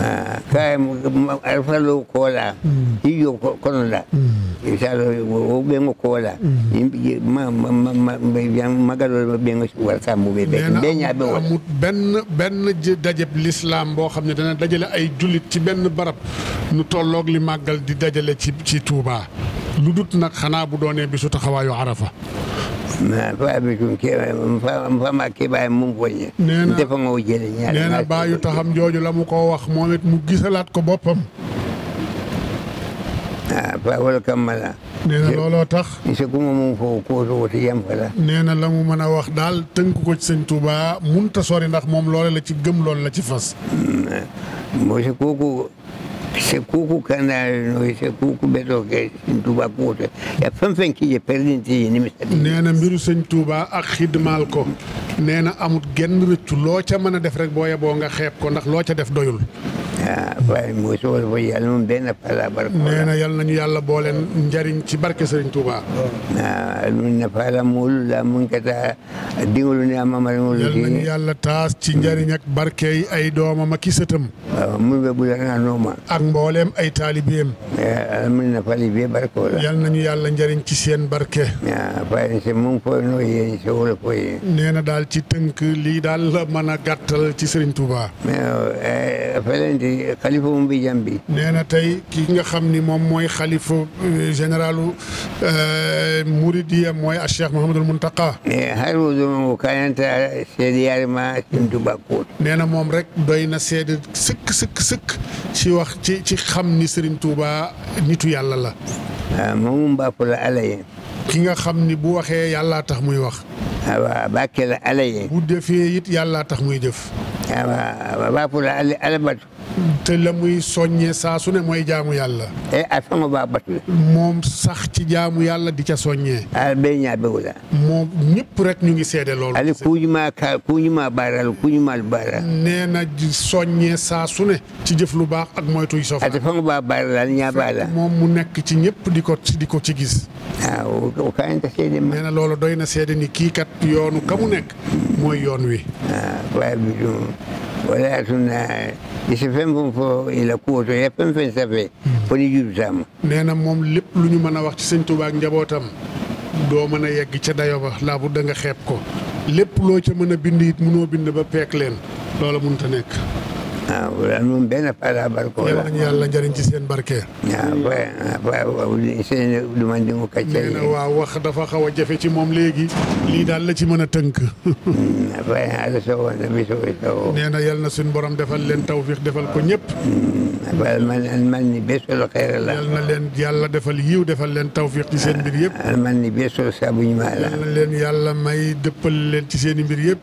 ah kaayam alfalo koola hmm. yiyo konola hmm. isalo wo ɓengo koola magalol ɓengo warsambo ɓe ɓe ñaaɓe benn benn dajeb l'islam boo xam ne dana dajale ay jullit ci benn barab nu tolloog li màggal di dajale ci ci Tuuba lu nag xanaa bu doonee bisu ma faa bi tun kee fa ma kee baay mu ngi wàññi. nee na dafa nga jëlee ñaar nee na baayu taxam jooju la ko wax moom it mu gisalaat ko boppam. ah Paa wala Kamala. nee tax. monsieur Gouma mu ngi foofu kóosu fa la. nee na la mu mën a wax daal tënk ko ci sëñ Touba munta sori ndax moom loole la ci gëm loolu la ci fas. monsieur kooku. se kuku kanaarino se kuku bétoke sëñ Touba kuute ya fen fen kije perdinti yi ni mi e nee na mbiru sëñ Touba ak xidmaal ko nee na amut genn rëccu loo ca mën a def rek boo yeboo nga xeeb ko ndax loo ca def doyul waaye mooy soxla fa yàlla moom benn palabra. nee na yal nañu yàlla booleen njariñ ci barke Serigne Touba. ah ñun na fa la muul la mun nga taa diŋolu ne amama la muul. yal nañu yàlla taas ci njariñ ak barke yi ay doomam ak i sëtam. waaw mun ak mbooleem ay taalibeem. mun na fali bee barke la. yal nañu yàlla njariñ ci seen barke. ah Faye Nse fooy noo si wala fooy yéen. daal ci tënk lii daal la mën a gàttal ci Serigne Touba. Eh, mooy xalifa bi jam na tey ki nga xam ni moom mooy xalifa euh, généralu euh, Mouridiya mooy a Cheikh Mouhamadul Mountakha mais xar wa na moom rek doy na seede sëkk sëkk sëkk si wax ci ci xam ni Serigne Touba nitu yàlla la waaw ah, moomu la ala ki nga xam ni bu waxee yàllaa tax muy wax ah, awa bàkke la ala bu defee it yàllaa tax muy jëf ah, awa la ala batu te la muy soññee saa su ne mooy jaamu yàlla. e eh, asama ba batu. moom sax ci jaamu yàlla di ca soññee. ah bee ñaa la. moom ñëpp rek ñu ngi seede loolu. ali kuñu maa maa baaral kuñu maa baara. nee na soññee saa su ne. ci jëf lu baax ak moytu sofa. ati fanga moom mu nekk ci ñëpp di ko di ko ci gis. waaw ah, o kaanta seede doy na seede kii kat yoonu ka yoon wi. Ah, ولكن يسفهم إلى قوته يفهم في السفه فليجيب سامو نانا موم لب لو ني مانا واخ سي سيغ توبا njabootam doo mën a yegg ca dayo ba laa bu da nga xeeb ko lépp loo ca mën a bind it mënoo bind ba peek leen loola mënut a nekk waaw loolu moom benn palabar ko la. yàlla njëriñ ci seen barke. Ah, ah, waaw waaw ma di mu kàcce. nee na waaw wax dafa xaw a jafe ci moom léegi. lii la ci mën a tënk. waaye ala soo na bi na oh. yal na suñu borom defal leen tawfiq defal ko ñëpp. waaw hmm, ah, man man ni beesul la. yal na yàlla defal yiw defal leen tawfiq ci seen mbir yëpp. man ni beesul saabu ñu ma la. na leen yàlla may dëppal leen ci seen i mbir yëpp.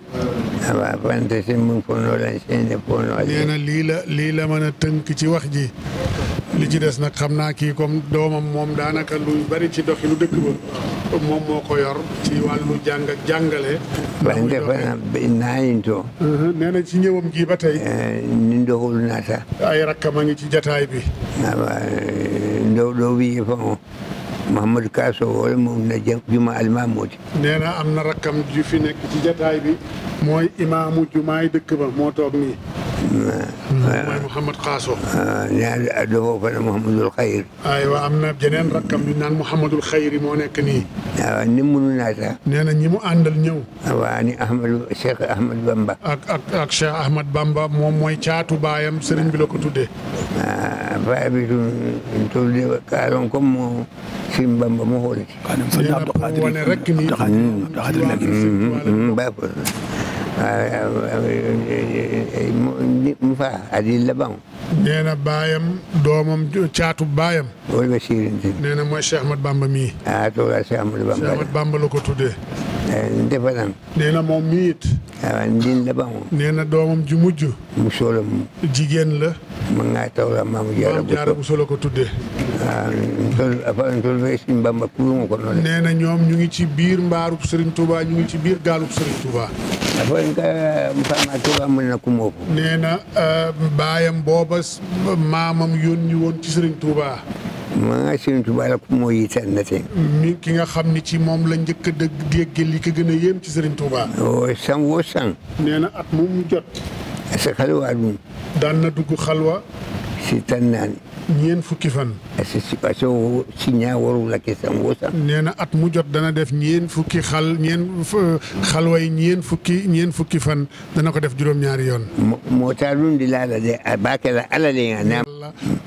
waaw wante seen mu ngi foofu noonu la seen i lii la lii la mën a tënk ci wax ji li ci des nag xam naa kii comme doomam moom daanaka lu bari ci doxinu dëkk ba moom moo ko yor ci wàllu jàng ak jàngale. ban dafa naayintoo. Uh-huh. nee ci ñëwam gii ba tey. Eh, ni ndoxul naata. ay rakkam a ngi ci jataay bi. waaw ah, waaw eh, ndaw doo bi Mouhamadou Kaaso wala moom na jëm juma almaamuuti. nee na am na rakkam ju fi nekk ci jataay bi. mooy imaamu jumaay dëkk ba moo toog nii. mooy Mouhamad Kaaso. ñaari addo foofa la Mouhamadul Xayri. aywa am na jeneen rakkam ñu naan Mouhamadul Xayri moo nekk nii. waaw ni mu munu naata. nee na ñi mu àndal ñëw. waa ni Ahmadu Cheikh Ahmad Bamba. ak ak ak Cheikh Ahmad Bamba moom mooy caatu baayam sëriñ bi la ko tuddee. waaw baay bi tuuti tuuti kaaroon comme Sëriñ Bamba moo xool ci. waaw sëñ Abdou Khadir Abdou Khadir Abdou Khadir mu fa adi mm-hmm. mm-hmm. laban. nee baayam doomam caatu baayam. wala Sëriñ. nee na mooy Cheikh Ahmad Bamba mii. ah toogal Ahmad Bamba. Cheikh Ahmad defe na. na moom mii it. waaw ndiin la ba moom. nee na doomam ju mujj. musoo la moom. jigéen la. ma ngaa taw la maam jaara bu jaara bu ko tuddee. waaw nee na ñoom ñu ngi ci biir mbaarub Serigne Touba ñu ngi ci biir gaalub Serigne Touba. affaire nga eh, Moussa Touba mën na ku moo eh, baayam booba maamam yónni woon ci Serigne Touba. maa Serigne Touba la ko mooy yitteel na tey. ni ki nga xam ni ci moom la njëkk a dégg dégg li ko gën a yéem ci Serigne Touba. woo oh, sang woo sang. nee na at mu mu jot. sa xalwaat mu. daan na dugg xalwa. si tànnaan. ñeent fukki fan. situation Signa warul la nee na at mu jot dana def ñeent fukki xal ñeent xalway ñeent fukki ñeent fukki fan dana ko def juróom-ñaari yoon. moo tax lu di laal de baake la alale nga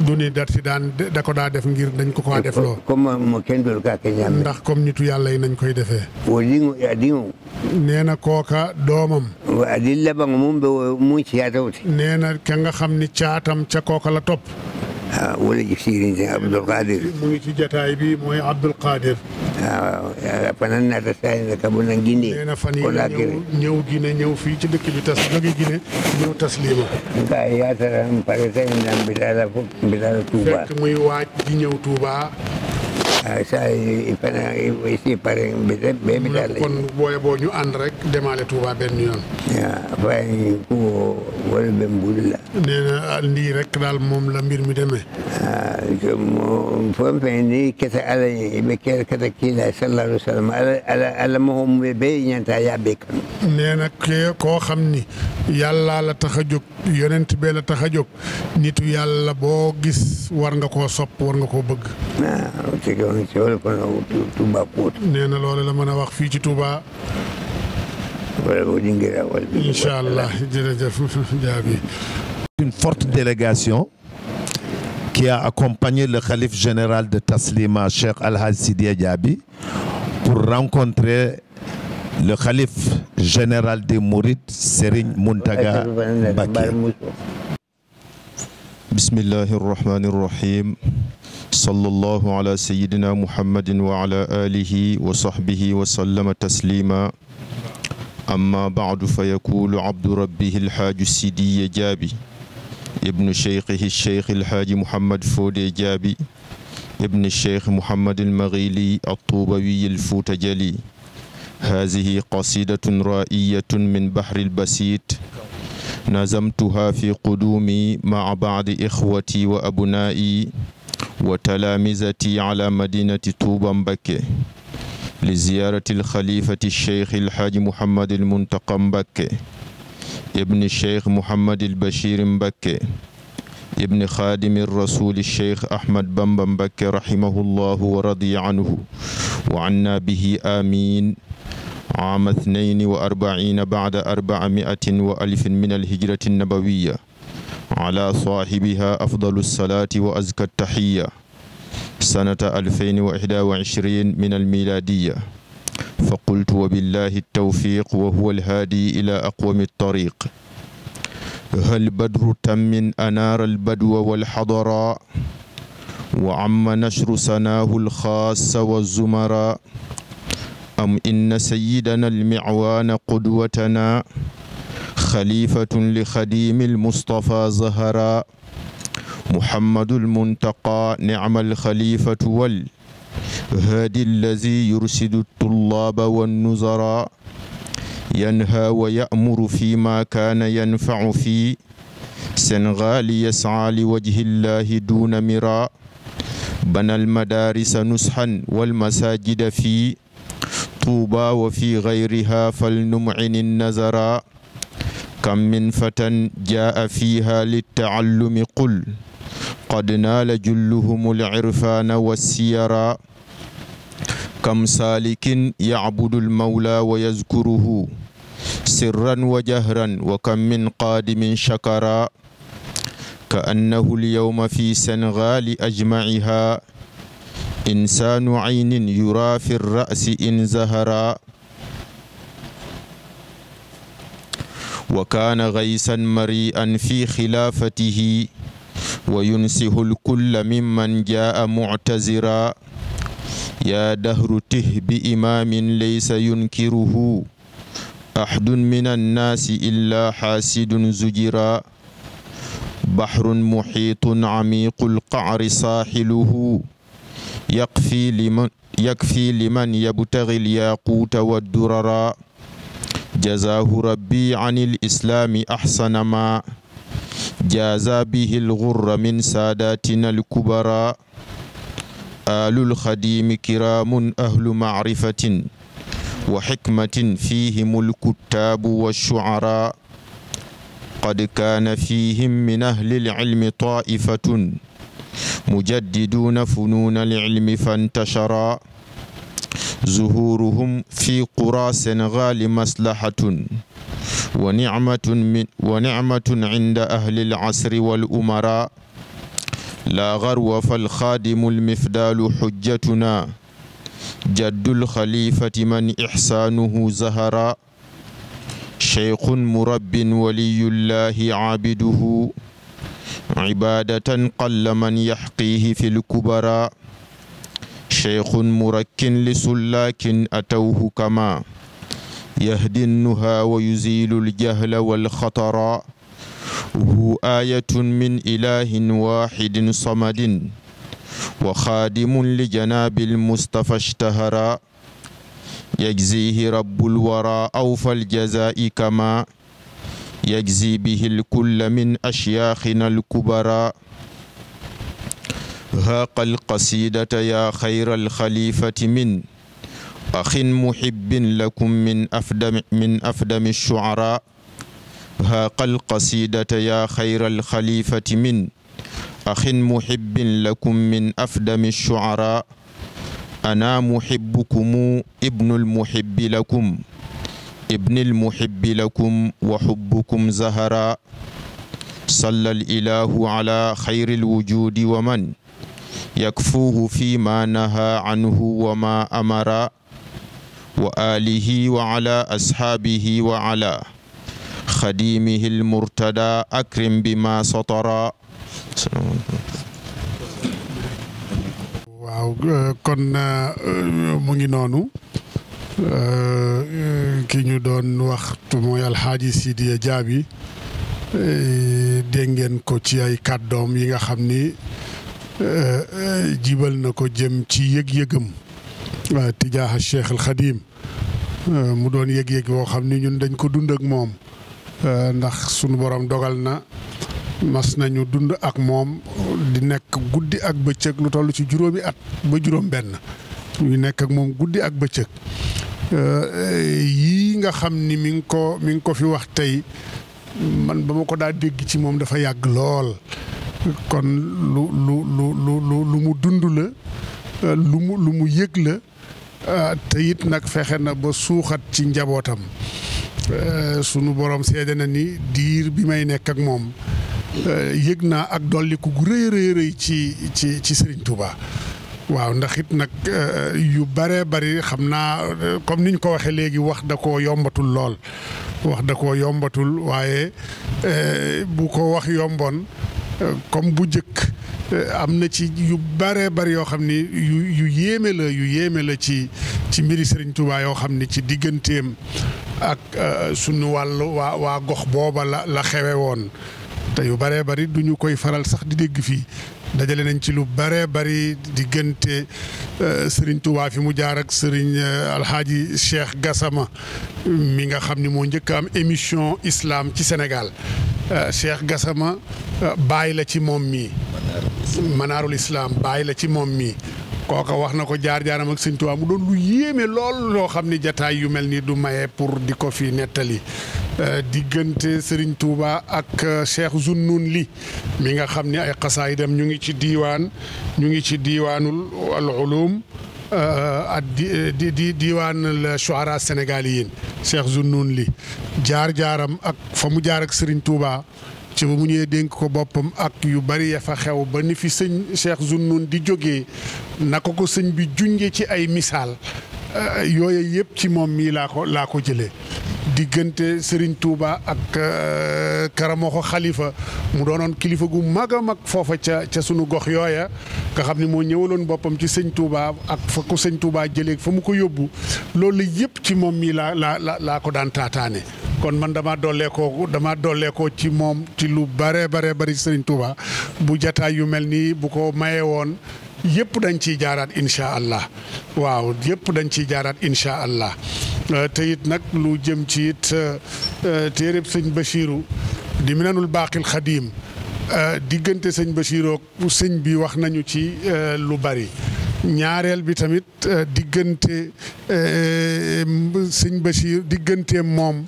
du ni dat si daan da ko daa def ngir dañ ko ko def loo. comme moo ndax comme nitu yàlla yi nañ koy defee. woo dingu dingu. nee na kooka doomam. waa di laban mu mu mu caatawti. nee na ka nga xam ni caatam ca kooka la topp. waaw wala ji si Abdul Qadir. mu ngi ci jataay bi mooy Abdul Qadir. waaw fanaan naata yi nag bu na ñëw ñëw ñëw fii ci dëkk bi tas jóge Guinée ñëw taslima. nga bi daal la foofu bi daal la Touba. muy waaj di ñëw Touba. saa yi fan si pare beebi daal la kon booye boo ñu ànd rek demaale Touba benn yoon. waaw fay ku wala benn bul la. nee na ah, lii rek daal moom la mbir mi demee. foofu fay ni kese ala ibe kese kata kiila sallallahu alayhi wa sallam ala ala ala mu be ñanta yaa be kan. nee na kee koo xam ni yàlla la tax a jóg yonent bee la tax a jóg nitu yàlla boo gis war nga ko sopp war nga koo bëgg. Ah, ngi ci wala fan Touba Pout. nee na la mën a wax fii ci Touba. wala boo allah jërëjëf jaabi. une forte délégation. qui a accompagné le khalife général de Taslima Cheikh Al Hadj Sidiya pour rencontrer le khalife général de Mourides Serigne Mountaga Mbacké. Bismillahir Rahmanir Rahim. sallallahu ala sayyidina muhammadin wa ala alihi wa sahbihi wa sallama taslima amma baadu fa yakuulu abdu rabbihi alxaaju sidiye jaabi ibnu cheikhihi cheikh alxaaji muhammad foode jaabi ibnu cheikh muhammad almaghili altuubawiyi alfuuta jali haadihi qasidatun raa'iyatun min bahri albasiit nazamtuha fi qudumi maa baadi ixwati wa abnaa'i wa talaamizati ala madinati tuuba mbakke li ziyaarati alxalifati sheikh alxaaji muhammad almuntaqa mbakke ibni sheikh muhammad albashir mbakke ibni xaadimi rasuli sheikh ahmad bamba mbakke rahimahu llahu wa radiya anhu wa anna bihi amin عام اثنين وأربعين بعد أربعمائة وألف من الهجرة النبوية على صاحبها أفضل الصلاة وأزكى التحية سنة 2021 من الميلادية فقلت وبالله التوفيق وهو الهادي إلى أقوم الطريق هل بدر تم أنار البدو والحضراء وعم نشر سناه الخاص والزمراء am inna sayyidana almicwaana qudwatana xalifatun li xadimi almustafa zahara muhammadu almuntaqa nicma alxalifatu wal haadi allazi yursidu tullaaba wannuzara yanha wa ya'muru fi ma kaana yanfacu fi sengaali yascaa liwajhi llahi duuna mira bana almadarisa nusxan walmasajida fii tuuba wa fi gayriha falnumcini nazara kam min fatan jaa fiha liltaallumi qul qad naala julluhum alcirfaana walsiyara kam saalikin yacbudu almawla wa yazkuruhu sirran wa jahran wa kam min qaadimin shakara ka annahu alyawma fi sengaali ajmaciha insaanu aynin yuraa fi ra'si in zahara wa kaana gaysan mari'an fi xilaafatihi wa yunsihu lkulla mimman jaa'a mu'tazira yaa dahru tih bi imaamin laysa yunkiruhu axdun min annaasi illaa xaasidun zujira baxrun muxiitun camiiqul qacri saaxiluhu yakfi liman yakfi liman yabtaghi alyaquuta waddurara jazaahu rabbi an alislaami axsana ma jaaza bihi algurra min saadatina alkubara aalulxadimi kiraamun ahlu macrifatin wa xikmatin fihim alkuttaabu walshucaraa qad kaana fihim min ahli alcilmi taa'ifatun mujaddiduuna funuuna al-ilmi fantashara zuhuruhum fi qura Senegaali maslahatun wa nicmatun min wa nicmatun cinda ahli al-casri wal-umaraa laa garwa fal-xaadimu al-mifdaalu xujjatunaa jaddul xaliifati man ixsaanuhu zahara sheykhun murabbin waliyullaahi caabiduhu cibaadatan qalla man yaxqiihi fi lkubara cheikhun murakkin li sullaakin atawhu kama yahdi nnuha wa yuziilu ljahla walxatara hu aayatun min ilaahin waaxidin samadin wa xaadimun li janaabil mustafa ishtahara yajziihi rabbul wara awfal jazaa'i kama يجزي به الكل من أشياخنا الكبراء هاق القصيدة يا خير الخليفة من أخ محب لكم من أفدم, من أفدم الشعراء هاق القصيدة يا خير الخليفة من أخ محب لكم من أفدم الشعراء أنا محبكم ابن المحب لكم ibni almuhibbi lakum wa xubbukum zahara salla alilahu ala xayri alwujudi wa man yakfuuhu fi ma nahaa anhu wa ma amara wa alihi wa ala ashaabihi wa ala xadimihi almurtada akrim bima satara waaw kon euh, mu ngi noonu Euh, euh, ki ñu doon wax mooy alxaaji Sidiya Jaabi euh, dégg ko ci ay kàddoom yi nga xam ni jibal na ko jëm ci yëg-yëgam tijaaxa Cheikh al mu doon yëg-yëg woo xam ni ñun dañ ko dund ak moom ndax sunu borom dogal na mas nañu dund ak moom di nekk guddi ak bëccëg lu toll ci juróomi at ba juróom benn ñu nekk ak moom guddi ak bëccëg euh, yii nga xam ni mi ngi ko mi ngi ko fi wax tey man ba ma ko daa dégg ci moom dafa yàgg lool kon lu lu lu lu mu dund la lu mu lu mu yëg la euh, te nag fexe na ba suuxat ci njabootam euh, sunu borom seede na ni diir bi may nekk ak moom yëg naa ak dolliku gu rëy rëy rëy ci ci ci Serigne waaw ndax it nag eh, yu bëree bari xam naa eh, comme niñ ko waxee léegi wax da koo yombatul lool wax da ko yombatul waaye eh, bu ko wax yomboon comme bu jëkk am na ci yu bëree bari yoo xam ni yu yu yéeme la yu yéeme la ci ci mbiri Serigne Touba yoo xam ni ci digganteem ak sunu wàll waa waa gox booba la la xewe woon te yu bëree bari duñu koy faral sax di dégg fii dajale nañ ci lu bare bari diggante euh, Serigne Touba fi mu jaar ak Serigne euh, Alhaji Cheikh Gassama mi nga xam ni moo njëkk am émission islam ci Sénégal euh, Cheikh gasama bàyyi la ci moom mii. manaarul islam bàyyi la ci moom mii. kooka wax na ko jaar-jaaram ak sëñ Tuubaa mu doon lu yéeme lool loo xam ni jataay yu mel nii du maye pour di ko fi nettali euh, diggante sëriñ Tuubaa ak euh, Cheikh Zunnun li mi nga xam ni ay dem ñu ngi ci diiwaan ñu ngi ci diiwaanul al ulum euh, ak di di diiwaanul shuara sénégaliyin Cheikh Zunnun li jaar-jaaram ak fa mu jaar ak sëriñ Tuubaa ci ba mu ñëwee dénk ko boppam ak yu bari ya fa xew ba ni fi sëñ Cheikh Zunnoun di jógee naka ko sëñ bi junge ci ay misaal euh, yooye yëpp ci moom mii laa ko laa ko jëlee diggante Serigne tuubaa ak euh, Karamoxo xalifa mu doonoon kilifa gu mag a mag foofa ca ca sunu gox yooya nga xam ni moo ñëwaloon boppam ci sëñ Touba ak fa ko sëñ Touba jëlee fa mu ko yóbbu loolu yëpp ci moom mii laa laa laa ko daan taataane. kon man dama dolleekoo dama dolleekoo ci moom ci lu bare bare bari Serigne Touba bu jataay yu mel nii bu ko mayee woon yëpp dañ ciy jaaraat incha allah waaw yëpp dañ ciy jaaraat incha allah euh, te nag lu jëm ci it euh, euh, téereb sëñ Bachiru di minanul baaqil xadiim diggante sëñ Bachiru sëñ bi wax nañu ci lu bari ñaareel bi tamit euh, diggante euh, sëñ Bachir diggante moom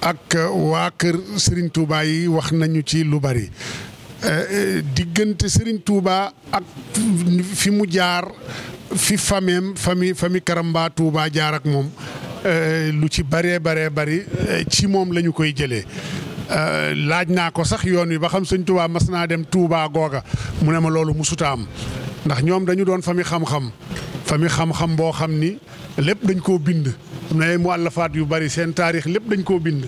ak euh, waa kër Serigne Touba yi wax nañu ci lu bari diggante sëriñ Touba ak fi mu jaar fi fameem fami fami Karamba Touba jaar ak moom lu ci baree bare bari ci moom lañu koy jëlee. laaj naa ko sax yoon wi ba xam sëñ Touba mas naa dem Touba googa mu ne ma loolu musuta am ndax ñoom dañu doon famille xam-xam famille xam-xam boo xam ni lépp dañ koo bind am na ay muallafaat yu bari seen taarix lépp dañ koo bind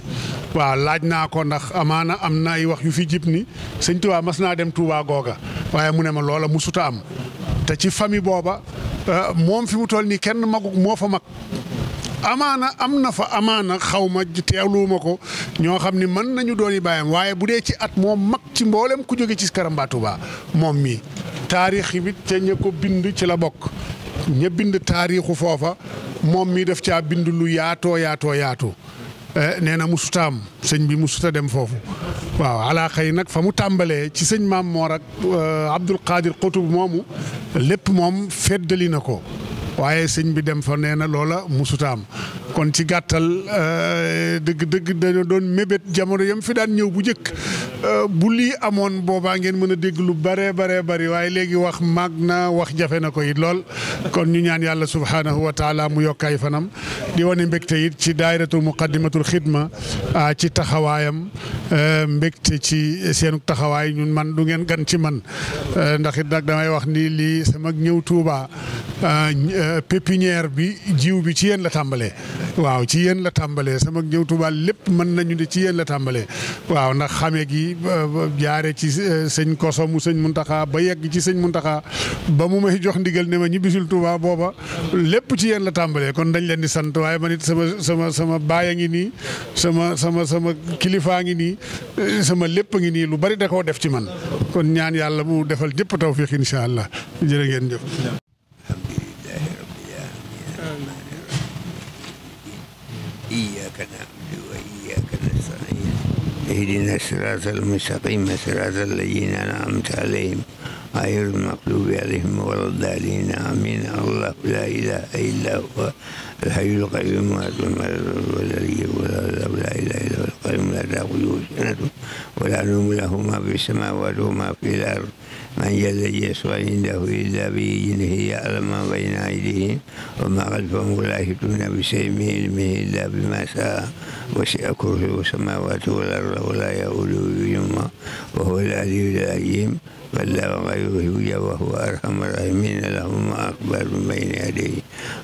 waaw laaj naa ko ndax amaana am na ay wax yu fi jib ni sëñ Tuubaa mas naa dem Tuubaa waaye mu ne ma loola musuta am te ci famille booba euh, moom fi mu toll nii kenn magu moo fa mag amaana am na fa amaana xaw ma teewluwuma ko ñoo xam ni mën nañu doon yi bàyyam waaye bu dee ci at moom mag ci mboolem ku jóge ci Karamba Touba moom mii taarix yi it ca ko bind ci la bokk ña bind taarixu foofa moom mi def caa bind lu yaatoo yaatoo yaatu eh, nee na musutaam sëñ bi musuta dem foofu waaw alaaka yi nag fa mu tàmbalee ci sëñ maam Moor ak eh, Abdul Qadir Qutub moomu lépp moom feddali na ko waaye sëñ bi dem fa nee na loola am kon ci gàttal euh, dëgg dëgg dañoo doon mébét jamono yam fi daan ñëw bu njëkk euh, bu lii amoon boobaa ngeen mën a dégg lu bare bare bari waaye léegi wax màgg na wax jafe na ko it lool kon ñu ñaan yàlla subhaanahu wa mu yokkaay fanam di wane mbégte yit ci daayiratul muqaddimatul xidma ci taxawaayam euh, mbégte ci seenu taxawaay ñu man du ngeen gan ci man ndax nag damay wax ni lii sama ñëw Tuuba Euh, pépinière bi jiw bi ci yéen la tàmbalee waaw ci yéen la tàmbalee sama ñëw Tuubaa lépp man nañu ne ci yéen la tàmbalee waaw ndax xame gi jaare ci euh, sëñ Koso mu sëñ Muntaxa ba yegg ci sëñ muntaxaa ba mu may jox ndigal ne ma ñibbisul Tuubaa booba lépp ci yéen la tàmbalee kon dañ leen di sant waaye man it sama sama sama baay a ngi nii sama sama sama kilifaa ngi nii euh, sama lépp ngi nii lu bari da def ci man kon ñaan yàlla mu defal jëpp tawfiq incha allah إياك نعبد وإياك نستعين اهدنا الصراط المستقيم صراط الذين أنعمت عليهم غير المغلوب عليهم ولا الضالين آمين الله لا إله إلا هو الحي القيوم ما البلدية ولا ولا إله إلا هو القيوم لا تأخذه سنة ولا نوم له ما في السماوات وما في الأرض من جل يسوى عنده إلا بإذنه يعلم ما بين أيديهم وما خلفهم ولا يحيطون بشيء من علمه إلا بما شاء وسع كرسيه السماوات والأرض ولا يؤوده بهما وهو العلي العظيم والله وما يوهي وهو أرحم الراحمين اللهم أخبر من بين يديه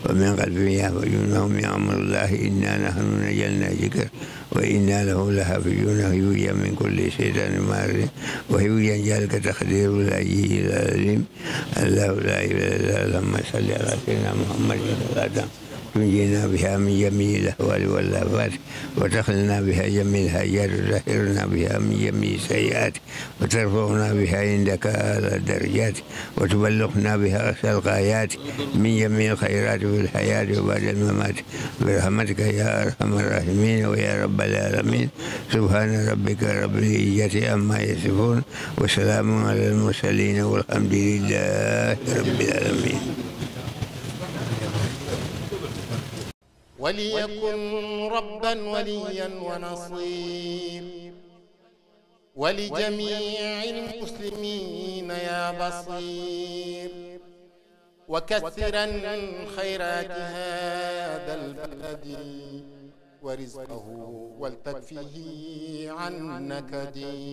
ومن خلفه يحفظونهم يعم الله إنا نحن نجلنا ذكر وإنا له لحافظون حفظا من كل شيطان مارد وحفظا جعلك تقدير العزيز العليم الله لا إله إلا اللهم صل على سيدنا محمد صلاة نجينا بها من جميع الأهوال والآفات وتخلنا بها جميع الحاجات وتطهرنا بها من جميع السيئات وترفعنا بها عندك أعلى الدرجات وتبلغنا بها أقصى الغايات من جميع الخيرات في الحياة وبعد الممات برحمتك يا أرحم الراحمين ويا رب العالمين سبحان ربك رب العزة عما يصفون وسلام على المرسلين والحمد لله رب العالمين وليكن ربا وليا ونصير ولجميع المسلمين يا بصير وكثرا خيرات هذا البلد ورزقه ولتكفيه عن نكدي